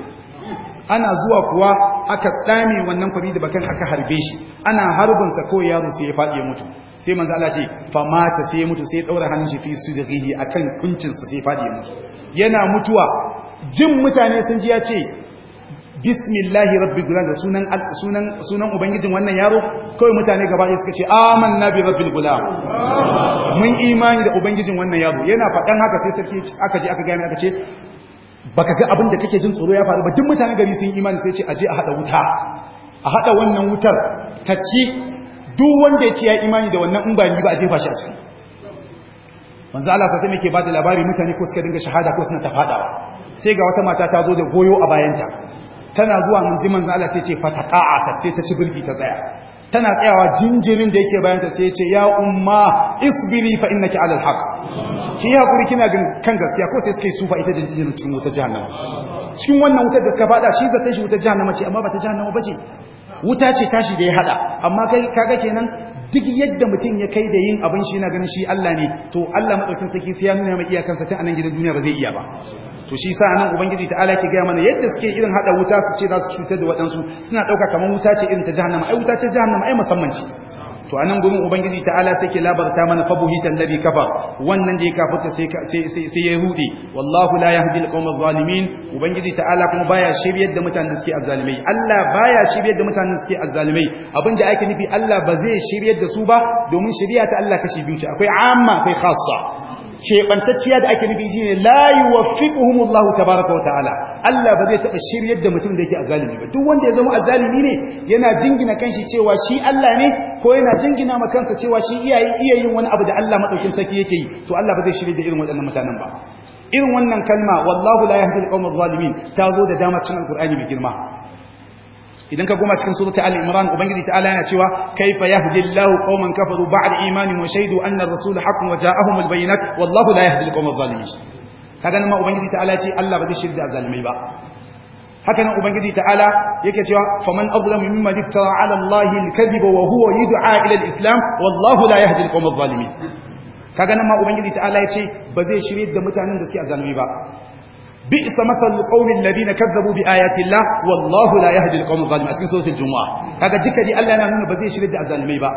Speaker 3: ana zuwa kuwa aka tsame wannan kwari da bakan aka harbe shi ana harbin sa kawai yaro sai ya faɗi ya mutu sai manzo Allah ce fa mata sai ya mutu sai ya daura hannun shi fi sudrihi akan kuncin sa sai ya faɗi ya mutu yana mutuwa jin mutane sun ji ya ce bismillahi rabbi gulan da sunan sunan sunan ubangijin wannan yaro kawai mutane gaba ɗaya suka ce amanna bi rabbil gulam mun imani da ubangijin wannan yaro yana faɗan haka sai sarki aka je aka gane aka ce baka ga abin da kake jin tsoro ya faru ba duk mutane gari sun imani sai ce aje a hada wuta a hada wannan wutar ta ci duk wanda ya ci ya imani da wannan in ba ni ba a jefa a ciki manzo Allah sai muke ba da labari mutane ko suka dinga shahada ko suna ta sai ga wata mata ta zo da goyo a bayanta tana zuwa mun ji manzo Allah sai ce fataqa'a sai ta ci birki ta tsaya tana tsayawa jinjirin da yake bayanta sai ce ya umma isbiri fa innaki alal shi ki hakuri kina kan gaskiya ko sai suke sufa ita jinjirin cikin wutar jahannama cikin wannan wutar da suka fada shi zata shi wutar jahannama ce amma ba ta jahannama bace wuta ce tashi da ya hada amma kai kaga kenan duk yadda mutum ya kai da yin abin shi na ganin shi Allah ne to Allah madaukin saki sai ya nuna mai iyakansa tun anan gidan duniya ba zai iya ba to shi sa nan ubangiji ta ala ke gaya mana yadda suke irin hada wuta su ce za su cutar da waɗansu suna ɗauka kamar wuta ce irin ta jahannama ai wuta ce jahannama ai musammanci. ce to anan gurin ubangiji ta ala sai ke labarta mana fabuhita alladhi kafar wannan da ya kafirta sai sai sai yahudi wallahu la yahdi alqawm adh-dhalimin ubangiji ta ala kuma baya shiryar da mutanen suke azzalimai Allah baya shiryar da mutanen suke azzalimai abinda ake nufi Allah ba zai shiryar da su ba domin shiriya ta Allah kashi biyu ce akwai amma akwai khassa shebantacciya da ake nufi shine la yuwaffiquhumullahu tabaaraka wa ta'ala Allah ba zai taba shiryar da mutum da yake azalimi ba duk wanda ya zama azalimi ne yana jingina kanshi cewa shi Allah ne ko yana jingina ma kansa cewa shi iyaye iya yin wani abu da Allah madaukin saki yake yi to Allah ba zai shirye da irin waɗannan mutanen ba irin wannan kalma wallahu la yahdi al-qawm adh-dhalimin ta zo da dama cikin alqur'ani mai girma idan ka goma cikin surata al-imran ubangiji ta'ala yana cewa kaifa yahdillahu qauman kafaru ba'da imanin wa shaidu anna ar-rasul haqqun wa ja'ahum al-bayyinat wallahu la yahdi al-qawm adh-dhalimin kaga nan ma ubangiji ta'ala ce Allah ba zai shirya zalimai ba haka nan ubangiji ta'ala yake cewa faman azlamu mimman iftara 'ala allahi al-kadhiba wa huwa yud'a ila al-islam wallahu la yahdi al-qawm adh-dhalimin kaga nan ma ubangiji ta'ala ya ce ba zai shirye da mutanen da suke azalmi ba بئس مثل القوم الذين كذبوا بآيات الله والله لا يهدي القوم الظالمين a cikin suratul jumu'a kaga duka dai Allah yana nuna ba zai shirye da ba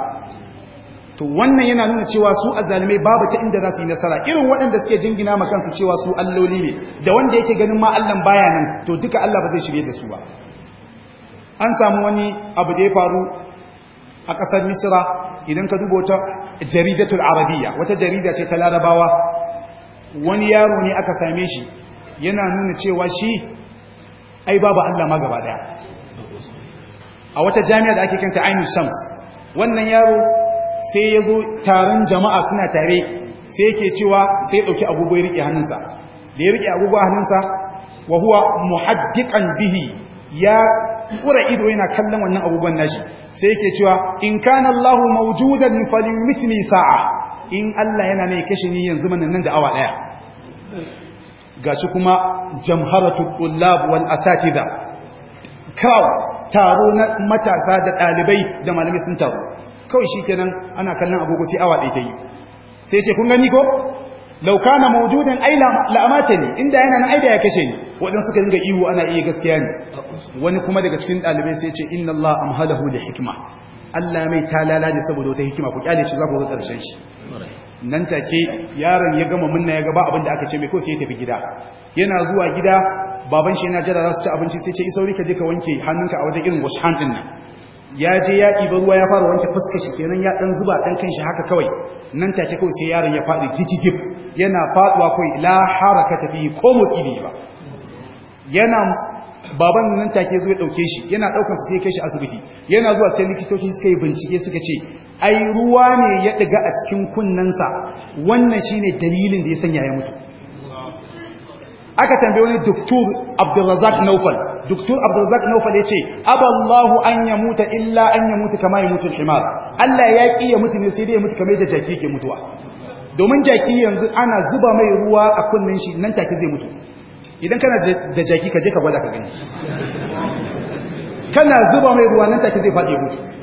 Speaker 3: to wannan yana nuna cewa su azalimai babu ta inda za su yi nasara irin waɗanda suke jingina ma kansu cewa su alloli ne da wanda yake ganin ma Allah baya nan to duka Allah ba zai shirye da su ba an samu wani abu da ya faru a ƙasar Misra idan ka dubo ta jaridatul arabiyya wata jarida ce ta larabawa wani yaro ne aka same shi yana nuna cewa shi ai babu Allah ma gaba daya a wata jami'a da ake kanta Ainu Shams wannan yaro sai ya zo taron jama'a suna tare sai yake cewa sai dauki agogo ya rike hannunsa da ya rike agogo a hannunsa wa huwa muhaddiqan bihi ya kura ido yana kallon wannan agogon nashi sai yake cewa in kana Allahu mawjudan falyumitni sa'a in Allah yana ne kashe ni yanzu nan da awa daya gashi kuma jamharatul tullab wal asatiza crowd taro na matasa da dalibai da malamai sun taro kawai shikenan ana kallon agogo sai awa ɗaya dai sai ce kun gani ko law kana mawjudan ne, amatani inda yana na aida ya kashe ni wadan suka dinga ihu ana iya gaskiya ne wani kuma daga cikin dalibai sai ce inna Allah amhalahu li hikma Allah mai talala ne saboda wata hikima ku kyale shi za ku ga karshen
Speaker 2: shi
Speaker 3: nan take yaron ya gama munna ya gaba abin da aka ce mai kawai sai ya tafi gida yana zuwa gida baban shi yana jira su ci abinci sai ce isauri ka je ka wanke hannunka a wajen irin wash hand din nan ya je ya ɗiba ruwa ya fara wanke fuskar shi kenan ya dan zuba dan kanshi haka kawai nan take kawai sai yaron ya faɗi gigigif yana faɗuwa kawai la harakata fihi ko motsi ne ba yana baban nan take zo ya dauke shi yana daukar sai kai shi asibiti yana zuwa sai likitoci suka yi bincike suka ce ai ruwa ne ya ɗiga a cikin kunnensa wannan shine dalilin da ya sanya ya mutu aka tambaye wani doktor abdulrazak naufal doktor abdulrazak naufal ya ce aballahu an ya mutu illa an ya mutu kama ya mutu himar allah ya ki ya mutu ne sai dai ya mutu kamar yadda jaki ke mutuwa domin jaki yanzu ana zuba mai ruwa a kunnan shi nan take zai mutu idan kana da jaki ka je ka gwada ka gani kana zuba mai ruwa nan take zai faɗi mutu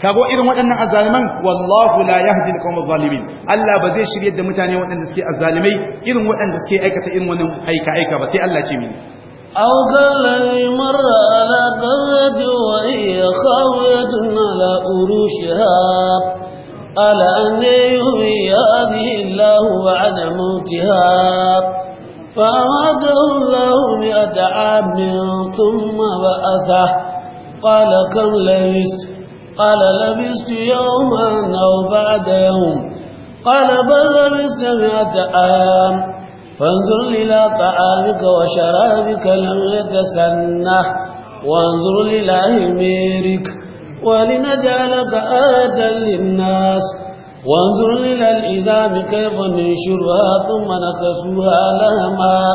Speaker 3: kago irin waɗannan azzaliman wallahu la yahdi alqawm adh-dhalimin Allah ba zai shiryar da mutane waɗanda suke azzalimai irin waɗanda suke aikata irin wannan aika aika ba sai Allah ce mini
Speaker 1: أو كالذي مر على قرية وهي خاوية على أروشها قال أن يهوي هذه الله بعد موتها فأماته الله مئة عام ثم بعثه قال كم لبثت قال لبست يوما أو بعد يوم قال بل لبست مئة عام فانظر إلى طعامك وشرابك لم يتسنح وانظر إلى أميرك ولنجعلك آدا للناس وانظر إلى الإزام كيف ننشرها ثم نخسوها لهما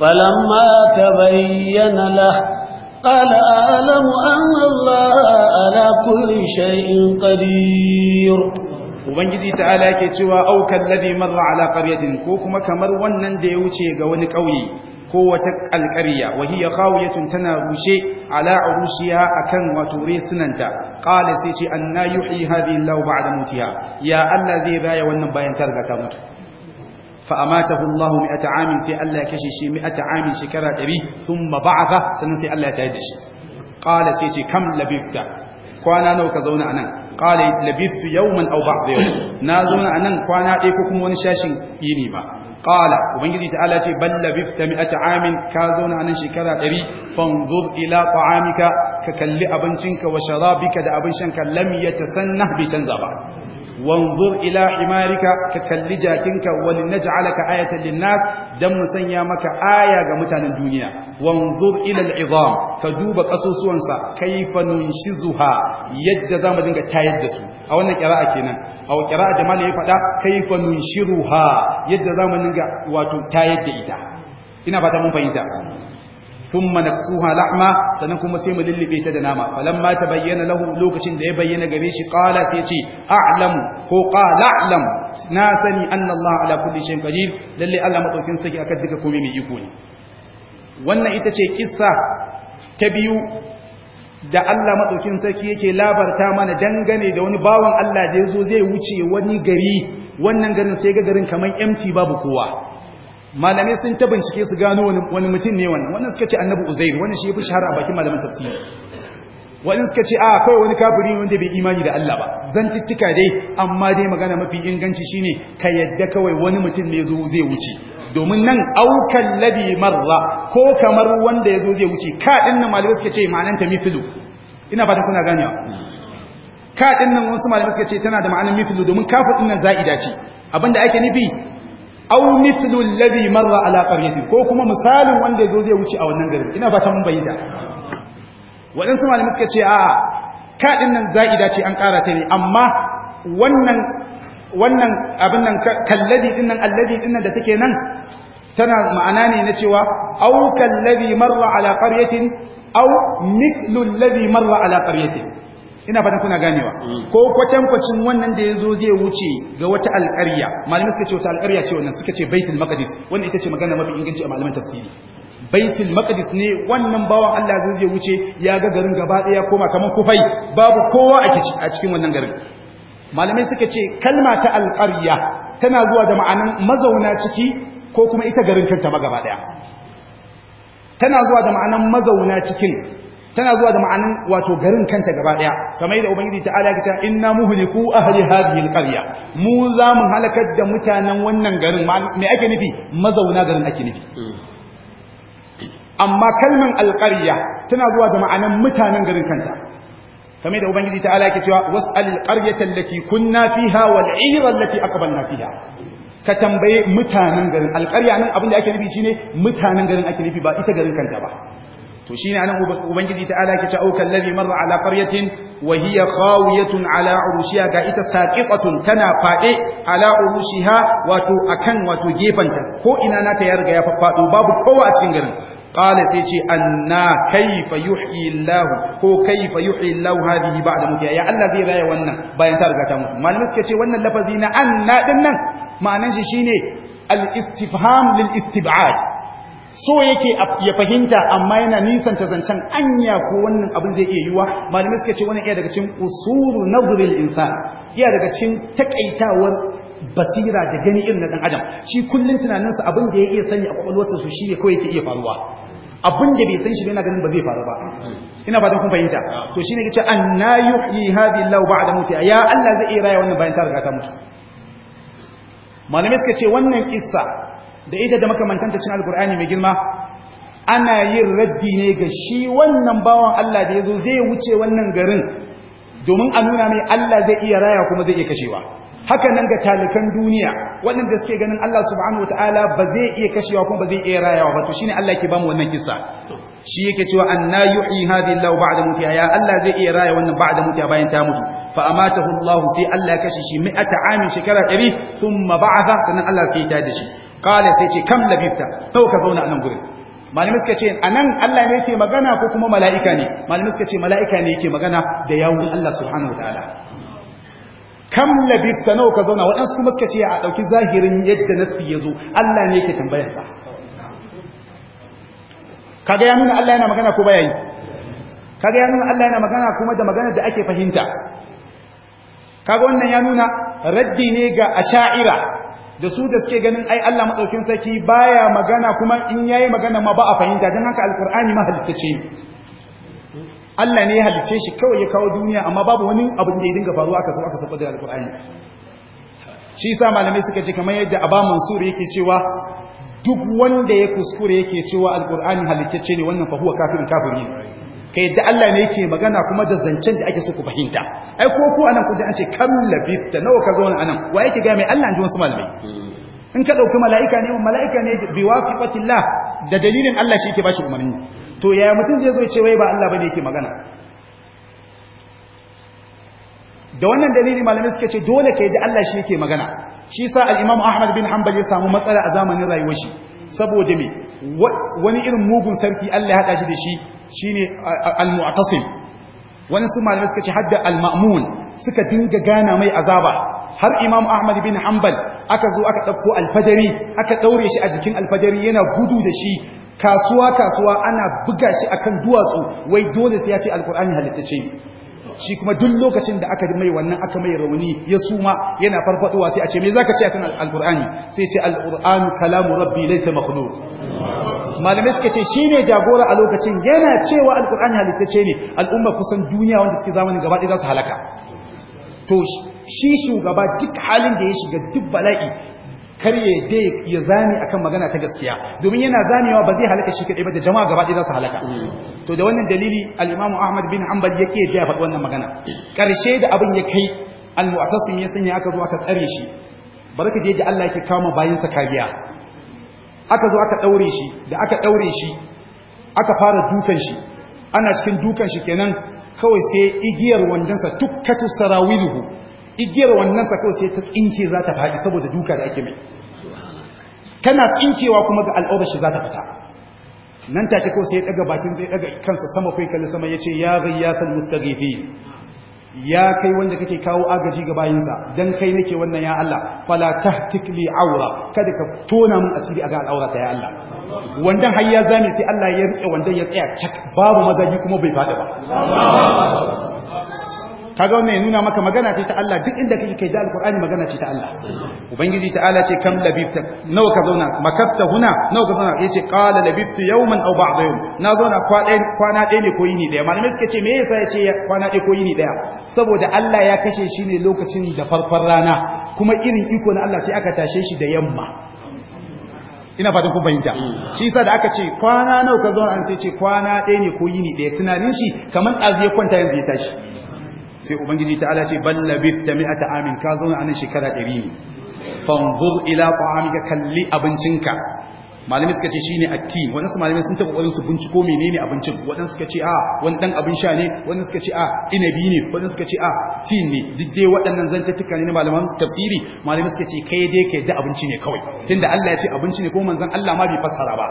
Speaker 1: فلما تبين له قال أعلم أن الله على
Speaker 3: كل شيء قدير Ubangiji ta'ala ke cewa aukan ladi marra ala qaryatin ko kuma kamar wannan da ya wuce ga wani ƙauye ko wata alƙarya wa hiya khawiyatun tana rushe ala a akan wato resunanta qala sai ce yi yuhyi hadhihi Allah da mutiha ya Allah zai raya wannan bayan targa ta mutu fa amatahu Allahu mi'ata amin sai Allah ya kashe shi mi'ata amin shekara 100 thumma ba'atha sannan sai Allah ya tayar da shi qala sai ce kam labibta kwana nawa ka zauna anan qala labibtu yawman aw ba'd yawm na zauna anan kwana ɗaya ko kuma wani sashin yini ba qala ubangiji ta Allah ce bal labibta mi'ata ka zauna anan ka kalli wa sharabika da abin shanka lam yatasanna bi canza ba wanzur ila himarika ka kalli jakinka walin naj'alaka ayatan linnas don mu sanya maka aya ga mutanen duniya wanzur ila al'izam ka duba kasusuwansa kaifa nunshizuha yadda mu dinga tayar da su a wannan qira'a kenan a qira'a da malai ya fada kaifa nunshiruha yadda mu dinga wato tayar da ita ina fata mun fahimta thumma naksuha lahma sannan kuma sai mu lullube ta da nama ta tabayyana lahu lokacin da ya bayyana gare shi qala sai ce a'lamu ko qala a'lam na sani anna Allah ala kulli shay'in qadir lalle Allah madaukin saki akan duka komai mai iko ne wannan ita ce kissa ta biyu da Allah madaukin sarki yake labarta mana dangane da wani bawan Allah da yazo zai wuce wani gari wannan garin sai ga garin kaman empty babu kowa malamai sun ta bincike su gano wani mutum ne wannan wannan suka ce annabi uzair wannan shi ya fi shahara a bakin malaman tafsiri wannan suka ce a akwai wani kafiri wanda bai imani da Allah ba zan tittika dai amma dai magana mafi inganci shine ka yadda kawai wani mutum ne zo zai wuce domin nan aukan labi marra ko kamar wanda ya zo zai wuce ka nan malamai suka ce ma'ananta mithlu ina fatan kuna ganewa ka nan wasu malamai suka ce tana da ma'anar mithlu domin kafu nan za'ida ce abinda ake nufi aw mithlu alladhi marra ala qaryati ko kuma misalin wanda yazo zai wuce a wannan garin ina fata mun bayyana waɗansu malamai suka ce a kaɗin nan za'ida ce an ƙara ta ne amma wannan wannan abin nan kalladi din nan alladi din nan da take nan tana ma'ana ne na cewa aw kalladi marra ala qaryatin au mithlu alladhi marra ala qaryatin ina fatan kuna ganewa mm. ko kwatankwacin wannan da ya zo zai wuce ga wata alƙarya malamai suka ce wata alƙarya ce wannan suka ce baitul maqdis wannan ita ce magana mafi inganci a malaman tafsiri baitul maqdis ne wannan bawan Allah zai zai wuce ya ga garin gaba daya koma kaman kufai babu kowa a cikin wannan garin malamai suka ce kalma ta alƙarya tana zuwa da ma'anan mazauna ciki ko kuma ita garin kanta ma gaba daya tana zuwa da ma'anan mazauna cikin tana zuwa da ma'anin wato garin kanta gaba daya kamar da ubangiji ta ala kace inna muhliku ahli hadhihi alqarya mu za mu halakar da mutanen wannan garin me ake nufi mazauna garin ake nufi amma kalman alqarya tana zuwa da ma'anin mutanen garin kanta kamar da ubangiji ta ala kace was'al alqaryata allati kunna fiha wal 'ira allati aqbalna fiha ka tambaye mutanen garin alƙarya nan abin da ake nufi shine mutanen garin ake nufi ba ita garin kanta ba to shine anan ubangiji ta ala ke ce aukan ladhi marra ala qaryatin wa hiya khawiyatun ala urushiha ga ita saqiqatun tana fade ala urushiha wato akan wato gefanta ko ina na ta ya riga ya faffado babu kowa a cikin garin qala sai ce anna kayfa yuhyi Allah ko kayfa yuhyi Allah hadhihi ba'da mutiya ya Allah zai raya wannan bayan ta riga ta mutu malamin suka ce wannan lafazi na anna din nan ma'anar shi shine al-istifham lil istib'ad so yake ya fahimta amma yana nisan ta zancen anya ko wannan abin zai iya yiwa malamai suka ce wani iya daga cikin usuru nazril insan iya daga cikin takaitawar basira da gani irin na dan adam shi kullun tunaninsa abin da ya sani a kwakwalwarsa su shi ne kawai yake iya faruwa abin da bai san shi yana ganin ba zai faru ba ina fatan kun fahimta to shine yace anna yuhyi hadi Allahu ba'da mutiya ya Allah zai iya raya wannan bayan ta riga ta mutu malamai suka ce wannan kissa da ita da makamantanta cin alkur'ani mai girma ana yin raddi ne ga shi wannan bawan Allah da ya zo zai wuce wannan garin domin a nuna mai Allah zai iya raya kuma zai iya kashewa haka nan ga talikan duniya waɗanda suke ganin Allah subhanahu wataala ba zai iya kashewa kuma ba zai iya rayawa ba to shine Allah ke bamu wannan kisa. shi yake cewa anna yuhyi hadhihi Allahu ba'da mutiya ya Allah zai iya raya wannan ba'da mutiya bayan ta mutu fa amatahu Allah sai Allah ya kashe shi 100 amin shekara 100 thumma ba'atha sannan Allah sai ya tada shi kala sai ce kam labifta sau ka zauna a nan gudun? malamai suka ce a nan Allah ne yake magana ko kuma mala'ika ne malamai suka ce mala'ika ne yake magana da yawun Allah subhanahu wa ta'ala kam labifta nawa ka zauna waɗansu kuma suka ce a ɗauki zahirin yadda nassi ya zo Allah ne yake tambayarsa kaga ya nuna Allah yana magana ko baya yi kaga ya nuna Allah yana magana kuma da magana da ake fahimta kaga wannan ya nuna raddi ne ga asha'ira da su da suke ganin ai Allah madaukin saki baya magana kuma in yayi magana ma ba a fahimta dan haka alqur'ani ma halittace Allah ne ya halicce shi kawai ya kawo duniya amma babu wani abu da ya dinga faruwa aka zo aka saba da alqur'ani shi yasa malamai suka ce kamar yadda Aba Mansur yake cewa duk wanda ya kuskure yake cewa alqur'ani halittace ne wannan fa huwa kafirun kafirin ka yadda Allah ne yake magana kuma da zancen da ake so ku fahimta ai ko ko anan kuje an ce kam da nawa ka zo anan wa yake ga mai Allah an ji wasu malamai in ka dauki mala'ika ne mala'ika ne bi waqifatillah da dalilin Allah shi yake bashi umarni to yaya mutum zai zo ya ce wai ba Allah bane yake magana da wannan dalili malamai suka ce dole ka yadda Allah shi yake magana shi sa al-Imam Ahmad bin Hanbal ya samu matsala a zamanin rayuwar shi saboda me wani irin mugun sarki Allah ya hada shi da shi shine al-mu'tasim wani su malamai suka ce hadda al-ma'mun suka dinga gana mai azaba har imam ahmad bin hanbal aka zo aka ɗauko alfadari aka ɗaure shi a jikin alfadari yana gudu da shi kasuwa kasuwa ana buga shi akan duwatsu wai dole sai ya ce alkur'ani halittace shi kuma duk lokacin da aka mai wannan aka mai rauni ya suma yana farfaduwa sai a ce me zaka ce akan alqur'ani sai ce alqur'anu kalamu rabbi laysa makhluq malamai suka ce shi ne jagora a lokacin yana cewa alqur'ani halittacce ne al'umma kusan duniya wanda suke zamanin gaba ɗaya za su halaka to shi shugaba duk halin da ya shiga duk bala'i kar ya dai ya zani akan magana ta gaskiya domin yana zanewa ba zai halaka shi kadai ba da jama'a gaba ɗaya za su halaka to da wannan dalili al imamu Ahmad bin Hanbal yake da faɗi wannan magana karshe da abin ya kai al-Mu'tasim ya sanya aka zo aka tsare shi baraka je da Allah yake kama bayin sa kariya aka zo aka daure shi da aka daure shi aka fara dukan shi ana cikin dukan shi kenan kawai sai igiyar wandansa tukkatu sarawiluhu igiyar wannan sako sai ta za ta faɗi saboda duka da ake mai tana tsincewa kuma ga al'aurar shi za ta fita nan take ko sai ya daga bakin zai daga kansa sama kai kalli sama ya ce ya san mustagifi ya kai wanda kake kawo agaji ga bayansa don kai nake wannan ya Allah fala tahtik aura kada ka tona min asiri a ga al'aura ta ya Allah wanda har ya zame sai Allah ya rike wanda ya tsaya cak babu mazaji kuma bai fada ba kaga wannan ya nuna maka magana ce ta Allah duk inda kake kai da alqur'ani magana ce ta Allah ubangiji ta'ala ce kam labibta nawa ka zauna makatta huna nawa ka zauna yace qala labibtu yawman aw ba'd yawm na zauna kwana ɗaya ne ko yini ɗaya malamai suka ce me yasa yace kwana ɗaya ko yini ɗaya saboda Allah ya kashe shi ne lokacin da farkon rana kuma irin iko na Allah sai aka tashe shi da yamma ina fatan kun fahimta shi yasa da aka ce kwana nawa ka zauna an sai ce kwana ɗaya ne ko yini ɗaya tunanin shi kamar ɗazu ya kwanta yanzu ya tashi sai ubangiji ta'ala ce bal labithta mi'ata amin ka zauna nan shekara 100 ne fanzur ila ta'amika kalli abincinka malami suka ce shine atti waɗansu malami sun taɓa ƙoƙarin su binciko menene abincin waɗansu suka ce a ah, wani ɗan abin sha ne waɗansu suka ce a ah, inabi ne waɗansu suka ce a ah, tin ne duk dai waɗannan zantattuka ne na malaman tafsiri malami suka ce kai dai kai da abinci ne kawai tunda Allah ya ce abinci ne kuma manzon Allah ma bai fassara ba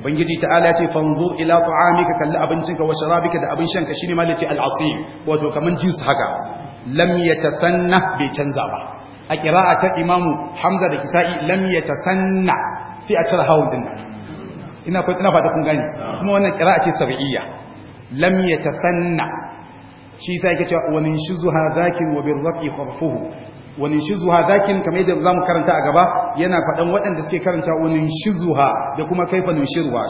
Speaker 3: ubangiji ta'ala ya ce fanzur ila ta'amika kalli abincinka wa sharabika da abin ka shine malami ce al wato kaman jins haka lam yatasanna bai canza ba a kira'a ta imamu hamza da kisa'i lam yatasanna sai a cire hawun din ina ina fata kun gani kuma wannan qira'a ce sab'iyya lam yatasanna shi sai yake cewa wani zakin hadakin wa birraqi wani shizuha zakin kamar yadda mu karanta a gaba yana faɗan waɗanda suke karanta wani shizuha da kuma kaifa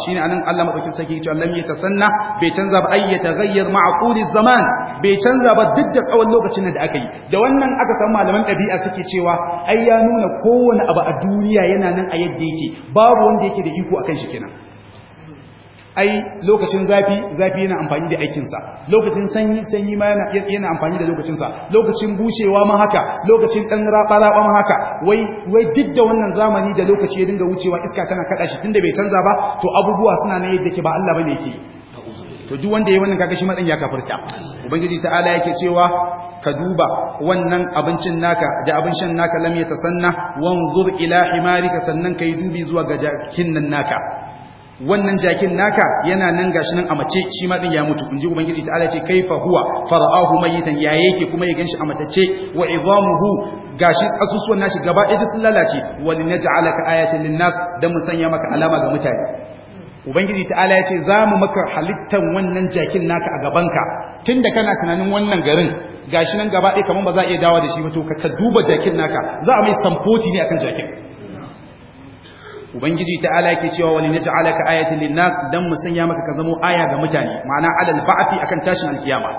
Speaker 3: Shi ne anan Allah madaukakin sarki ya ce Allah ya tasanna bai canza ba ayyata ghayyar ma'quli zaman bai canza ba duk da tsawon lokacin da aka yi da wannan aka samu malaman ɗabi'a suke cewa ai ya nuna kowane abu a duniya yana nan a yadda yake babu wanda yake da iko akan shi kenan ai lokacin zafi zafi yana amfani da aikinsa lokacin sanyi sanyi ma yana amfani da lokacinsa lokacin bushewa ma haka lokacin dan raba-raba ma haka wai wai duk da wannan zamani da lokaci ya dinga wucewa iska tana kada shi tunda bai canza ba to abubuwa suna na yadda ke ba Allah bane yake to duk wanda yayi wannan kaga shi madan ya kafirta ubangiji ta'ala yake cewa ka duba wannan abincin naka da abin shan naka lam tasanna wanzur ila himarika sannan kai dubi zuwa ga jakin nan naka wannan jakin naka yana nan gashi nan a mace shi ma din ya mutu kun ji ubangiji ta Allah ce kaifa huwa farahu mayitan ya yake kuma ya ganshi a matace wa idamuhu gashi asusuwan nashi gaba ɗaya sun lalace wal naj'alaka ayatan linnas dan mu sanya maka alama ga mutane ubangiji ta ya ce za mu maka halittan wannan jakin naka a gaban ka tunda kana tunanin wannan garin gashi nan gaba ɗaya kaman ba za a iya dawo da shi ba to ka duba jakin naka za a mai samfoti ne akan jakin ubangiji ta ala yake cewa wani na wali ka ayatan linnas dan mu sanya maka ka zamo aya ga mutane ma'ana alal ba'thi akan tashin alkiyama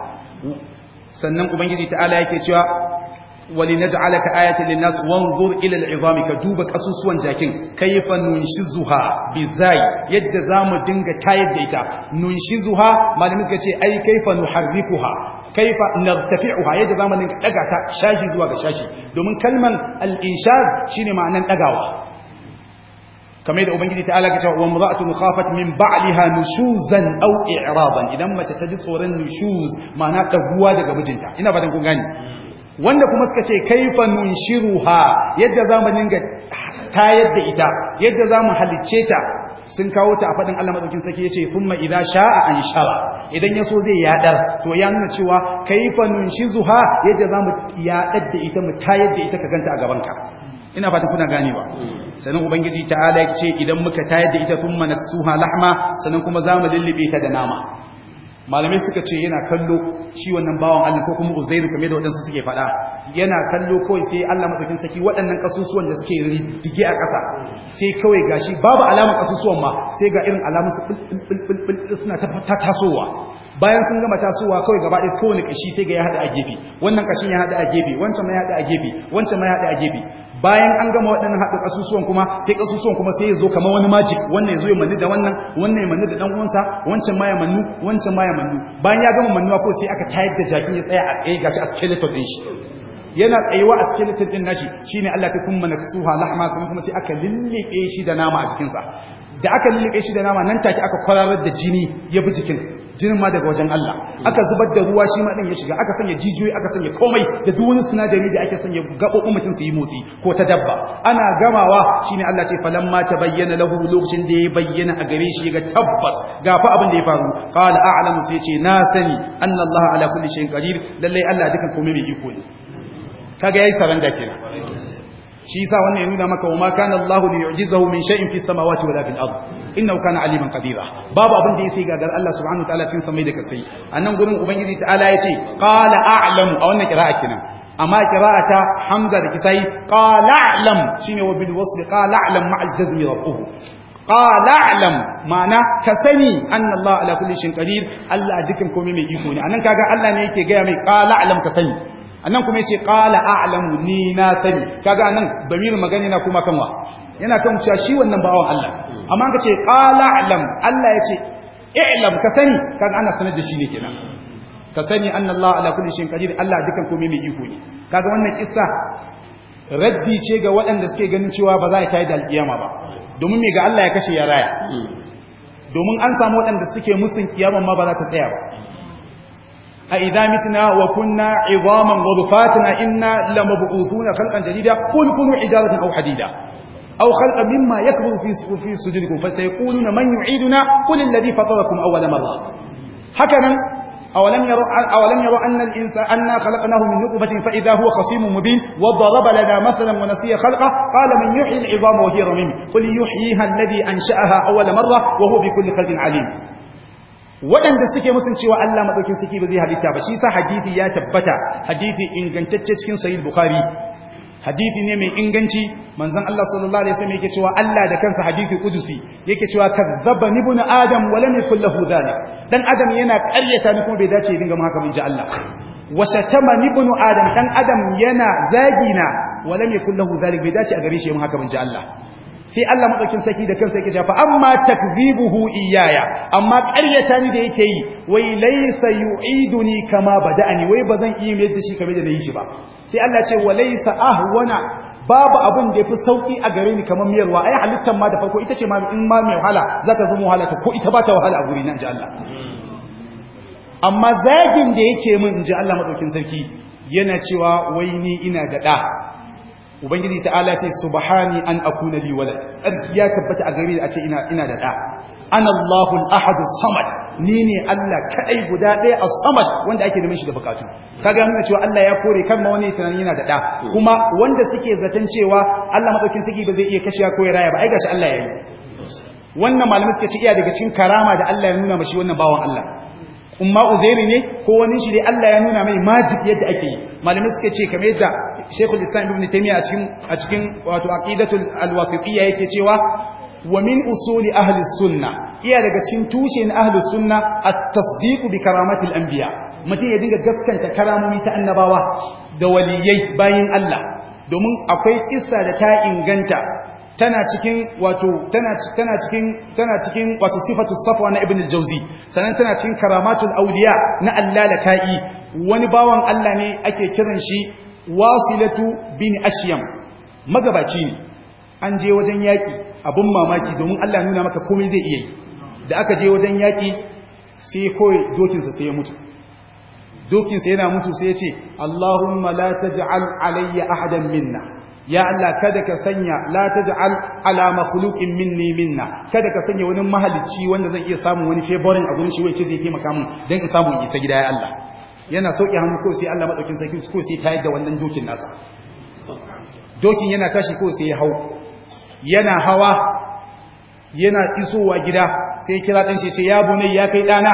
Speaker 3: sannan ubangiji ta ala yake cewa wali naj'alaka ayatan linnas wanzur ila al'izami ka duba kasusuwan jakin kayfa nunshizuha bizai yadda zamu dinga tayar da ita nunshizuha malamin suka ce ai kayfa nuharrikuha kaifa nartafi'uha yadda zamu daga ta shashi zuwa ga shashi domin kalman al-inshaz shine ma'anan dagawa kamar da ubangiji ta alaka cewa wa mu khafat min ba'liha nushuzan aw i'raban idan mace ta ji tsoron nushuz ma'ana daguwa daga mijinta ina fatan kun gani wanda kuma suka ce kaifa nushiruha yadda zamu dinga tayar da ita yadda zamu halicce ta sun kawo ta a faɗin Allah madaukin sarki yace thumma idha sha'a anshara idan yaso zai yadar to ya nuna cewa kaifa nunshizuha yadda zamu yadar da ita mu tayar da ita ka ganta a gaban ka ina fatan kuna ganewa sanin ubangiji ta'ala ya ce idan muka tayar da ita thumma natsuha lahma sanan kuma zamu lullube ta da nama malamai suka ce yana kallo shi wannan bawan Allah ko kuma Uzairu kame da waɗansu suke faɗa yana kallo kawai sai Allah madaukin saki waɗannan kasusuwan da suke dige a ƙasa sai kawai gashi babu alamar kasusuwan ma sai ga irin alamun su suna ta tasowa bayan sun gama tasowa kawai gaba ɗaya kowane kashi sai ga ya hada a gefe wannan kashin ya hada a gefe wancan ma ya hada a gefe wancan ma ya hada a gefe bayan an gama waɗannan haɗin ƙasusuwan kuma sai ƙasusuwan kuma sai ya zo kamar wani magic wannan ya zo ya manni da wannan wannan ya manni da ɗan uwansa wancan ma ya mannu wancan ma ya mannu bayan ya gama mannuwa ko sai aka tayar da jakin ya tsaya a tsaye shi a skeleton ɗin shi yana tsayewa a skeleton ɗin nashi shine Allah ta kuma nasuha lahma sama kuma sai aka lillibe shi da nama a jikinsa da aka lillike shi da nama nan take aka kwararar da jini ya bi jikin jinin ma daga wajen Allah aka zubar da ruwa shi ma din ya shiga aka sanya jijiyoyi aka sanya komai da duk wani sinadari da ake sanya gabobin mutum su yi motsi ko ta dabba ana gamawa shine Allah ce ta bayyana lahu lokacin da ya bayyana a gare shi ga tabbas ga fa abin da ya faru qala a'lamu sai ce na sani anna Allah ala kulli shay'in qadir lalle Allah dukan komai mai iko ne kaga yayi saranda
Speaker 2: kenan
Speaker 3: shi yasa wannan ya nuna maka wa ma kana Allahu li yu'jizahu min shay'in fi samawati wala fil ard innahu kana aliman qadira babu abin da yake gagar Allah subhanahu ta'ala cikin samai da kasai annan gurin ubangiji ta'ala yace qala a'lamu a wannan qira'a kenan amma qira'a ta hamza da kisai qala a'lam shine wa bil wasl qala a'lam ma'al jazmi rafuhu qala a'lam ma'ana ka sani anna Allah ala kulli shay'in qadir Allah dukkan komai mai iko ne anan kaga Allah ne yake ga mai qala a'lam ka sani annan kuma yace qala a'lamu ni na sani kaga anan damir magana na kuma kanwa yana kan cewa shi wannan bawon Allah amma an kace qala a'lam Allah yace i'lam ka sani kaga ana sanar da shi ne kenan ka sani anna Allah ala kulli shay'in qadir Allah dukan komai mai iko ne kaga wannan kissa raddi ce ga waɗanda suke ganin cewa ba za a kai da alƙiyama ba domin me ga Allah ya kashe ya raya hmm. domin an samu waɗanda suke musun kiyama ma ba za ta tsaya ba أئذا متنا وكنا عظاما وضفاتنا إنا لمبعوثون خلقا جديدا قل كونوا حجارة أو حديدا أو خلقا مما يكبر في سجودكم فسيقولون من يعيدنا قل الذي فطركم أول مرة حكما أولم يرى أولم يرى أن الإنسان أنا خلقناه من نطفة فإذا هو خصيم مبين وضرب لنا مثلا ونسي خلقه قال من يحيي العظام وهي رميم قل يحييها الذي أنشأها أول مرة وهو بكل خلق عليم waɗanda suke musun cewa Allah madaukin saki ba zai halitta ba shi sa hadisi ya tabbata hadithi ingantacce cikin sahih bukhari Hadithi ne mai inganci manzon Allah sallallahu alaihi wasallam yake cewa Allah da kansa hadisi kudusi yake cewa kazzaba ibnu adam wa lam yakul lahu dhalik dan adam yana ƙaryata ni kuma bai dace ya dinga mun haka mun ji Allah wa shatama ibnu adam dan adam yana zagina wa lam yakul lahu dhalik bai dace a gare shi mun haka mun ji Allah sai Allah madaukin saki da kansa yake shafa amma takdhibuhu iyaya amma ƙaryata ni da yake yi wai laysa yu'iduni kama bada'ani wai bazan iya mai da shi kamar da nayi shi ba sai Allah ce wa laysa ahwana babu abun da yafi sauki a gare ni kamar miyarwa ai halittar ma da farko ita ce ma in ma mai wahala za ta zama wahala ta ko ita ba ta wahala a guri nan ji Allah amma zagin da yake min in ji Allah madaukin sarki yana cewa wai ni ina gaɗa. ubangiji ta'ala ce subhani an akuna li walad ya tabbata a gare ni a ce ina ina da da Anallahu al-ahad samad ni ne Allah kadai guda ɗaya a samad wanda ake neman shi da bukatu kaga nuna cewa Allah ya kore kan ma wani tunani yana da da kuma wanda suke zaton cewa Allah madaukin saki ba zai iya kashiya ko ya raya ba ai gashi Allah ya yi wannan malamin suke ci iya daga cikin karama da Allah ya nuna mashi wannan bawan Allah umma uzairi ne ko wani shi dai Allah ya nuna mai magic yadda ake yi malamai suka ce kamar yadda al Islam Ibn Taymiyyah a cikin a cikin wato aqidatul al-wasitiyya yake cewa wa min usuli ahli sunna iya daga cikin tushe na ahli sunna at-tasdiq bi karamatil anbiya mutum ya dinga gaskanta karamomi ta annabawa da waliyai bayin Allah domin akwai kissa da ta inganta tana cikin wato tana tana cikin tana cikin wato sifatu safwa na ibn al-jawzi sannan tana cikin karamatul awliya na allalaka'i wani bawan Allah ne ake kiran shi wasilatu bin ashyam magabaci ne an je wajen yaki abun mamaki domin Allah nuna maka komai zai iya yi da aka je wajen yaki sai kawai dokinsa sai ya mutu dokinsa yana mutu sai ya ce Allahumma la taj'al alayya ahadan minna ya Allah kada ka sanya la taj'al ala makhluqin minni minna kada ka sanya wani mahalicci wanda zan iya samun wani favorin a gurin shi wai ce zai taimaka min dan in samu isa gida ya Allah yana sauki hannu ko sai Allah madaukin sarki ko sai tayar da wannan dokin nasa dokin yana tashi ko sai ya hau yana hawa yana isowa gida sai kira dan shi ce ya bunai ya kai dana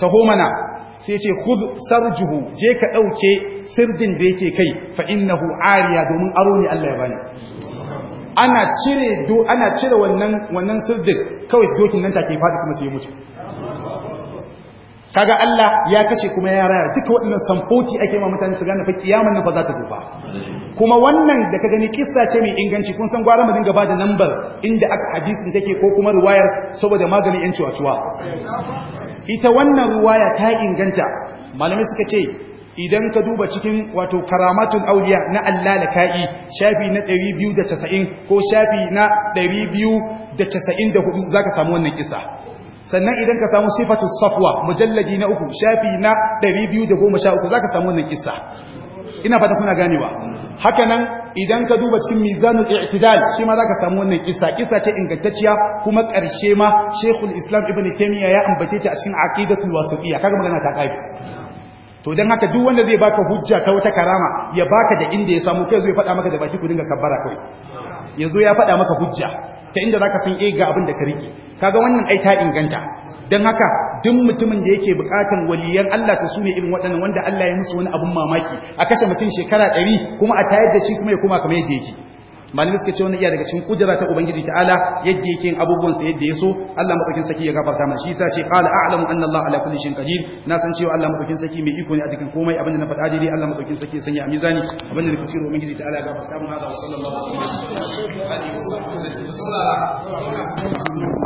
Speaker 3: taho mana sai ce khud sarjuhu je ka dauke sirdin da yake kai fa innahu ariya domin aro ne Allah ya bani ana cire do ana cire wannan wannan sirdin kawai dokin nan take fadi kuma sai ya mutu kaga Allah ya kashe kuma ya raya duka wannan samfoti ake ma mutane su gane fa kiyaman nan fa za ta zo ba kuma wannan da ka gani kissa ce mai inganci kun san gwara mu dinga bada number inda aka hadisin take ko kuma riwayar saboda maganin yan ciwaciwa ita wannan ruwaya ta inganta malamai suka ce idan ka duba cikin wato karamatun auliya na Allah ka'i shafi na 290 ko shafi na 294 zaka samu wannan kisa sannan idan ka samu sifatu safwa mujalladi na uku shafi na 213 zaka samu wannan kisa ina fata kuna ganewa haka nan idan ka duba cikin mizanul i'tidal shi ma zaka samu wannan kisa kisa ce ingantacciya kuma karshe ma Sheikhul Islam Ibn Taymiyyah ya ambace ta a cikin Aqidatul Wasitiyya kaga magana ta kai to dan haka duk wanda zai baka hujja ta wata karama ya baka da inda ya samu kai zai faɗa maka da baki ku dinga kabbara kai yazo ya faɗa maka hujja ta inda zaka san eh ga abin da ka rike kaga wannan ai ta inganta don haka duk mutumin da yake bukatan waliyan Allah ta sune irin waɗannan wanda Allah ya musu wani abun mamaki a kashe mutum shekara ɗari kuma a tayar da shi kuma ya koma kamar yadda yake malamai suka ce wani iya daga cikin kudura ta ubangiji ta'ala yadda yake yin abubuwansa yadda ya so Allah madaukin saki ya gafarta mana shi yasa ce qala a'lamu anna Allah ala kulli shay'in qadir na san cewa Allah madaukin saki mai iko ne a dukkan komai abinda na faɗa dai Allah madaukin saki ya sanya a mizani abinda da kasiro ubangiji ta'ala ya gafarta mana wa sallallahu
Speaker 2: alaihi wa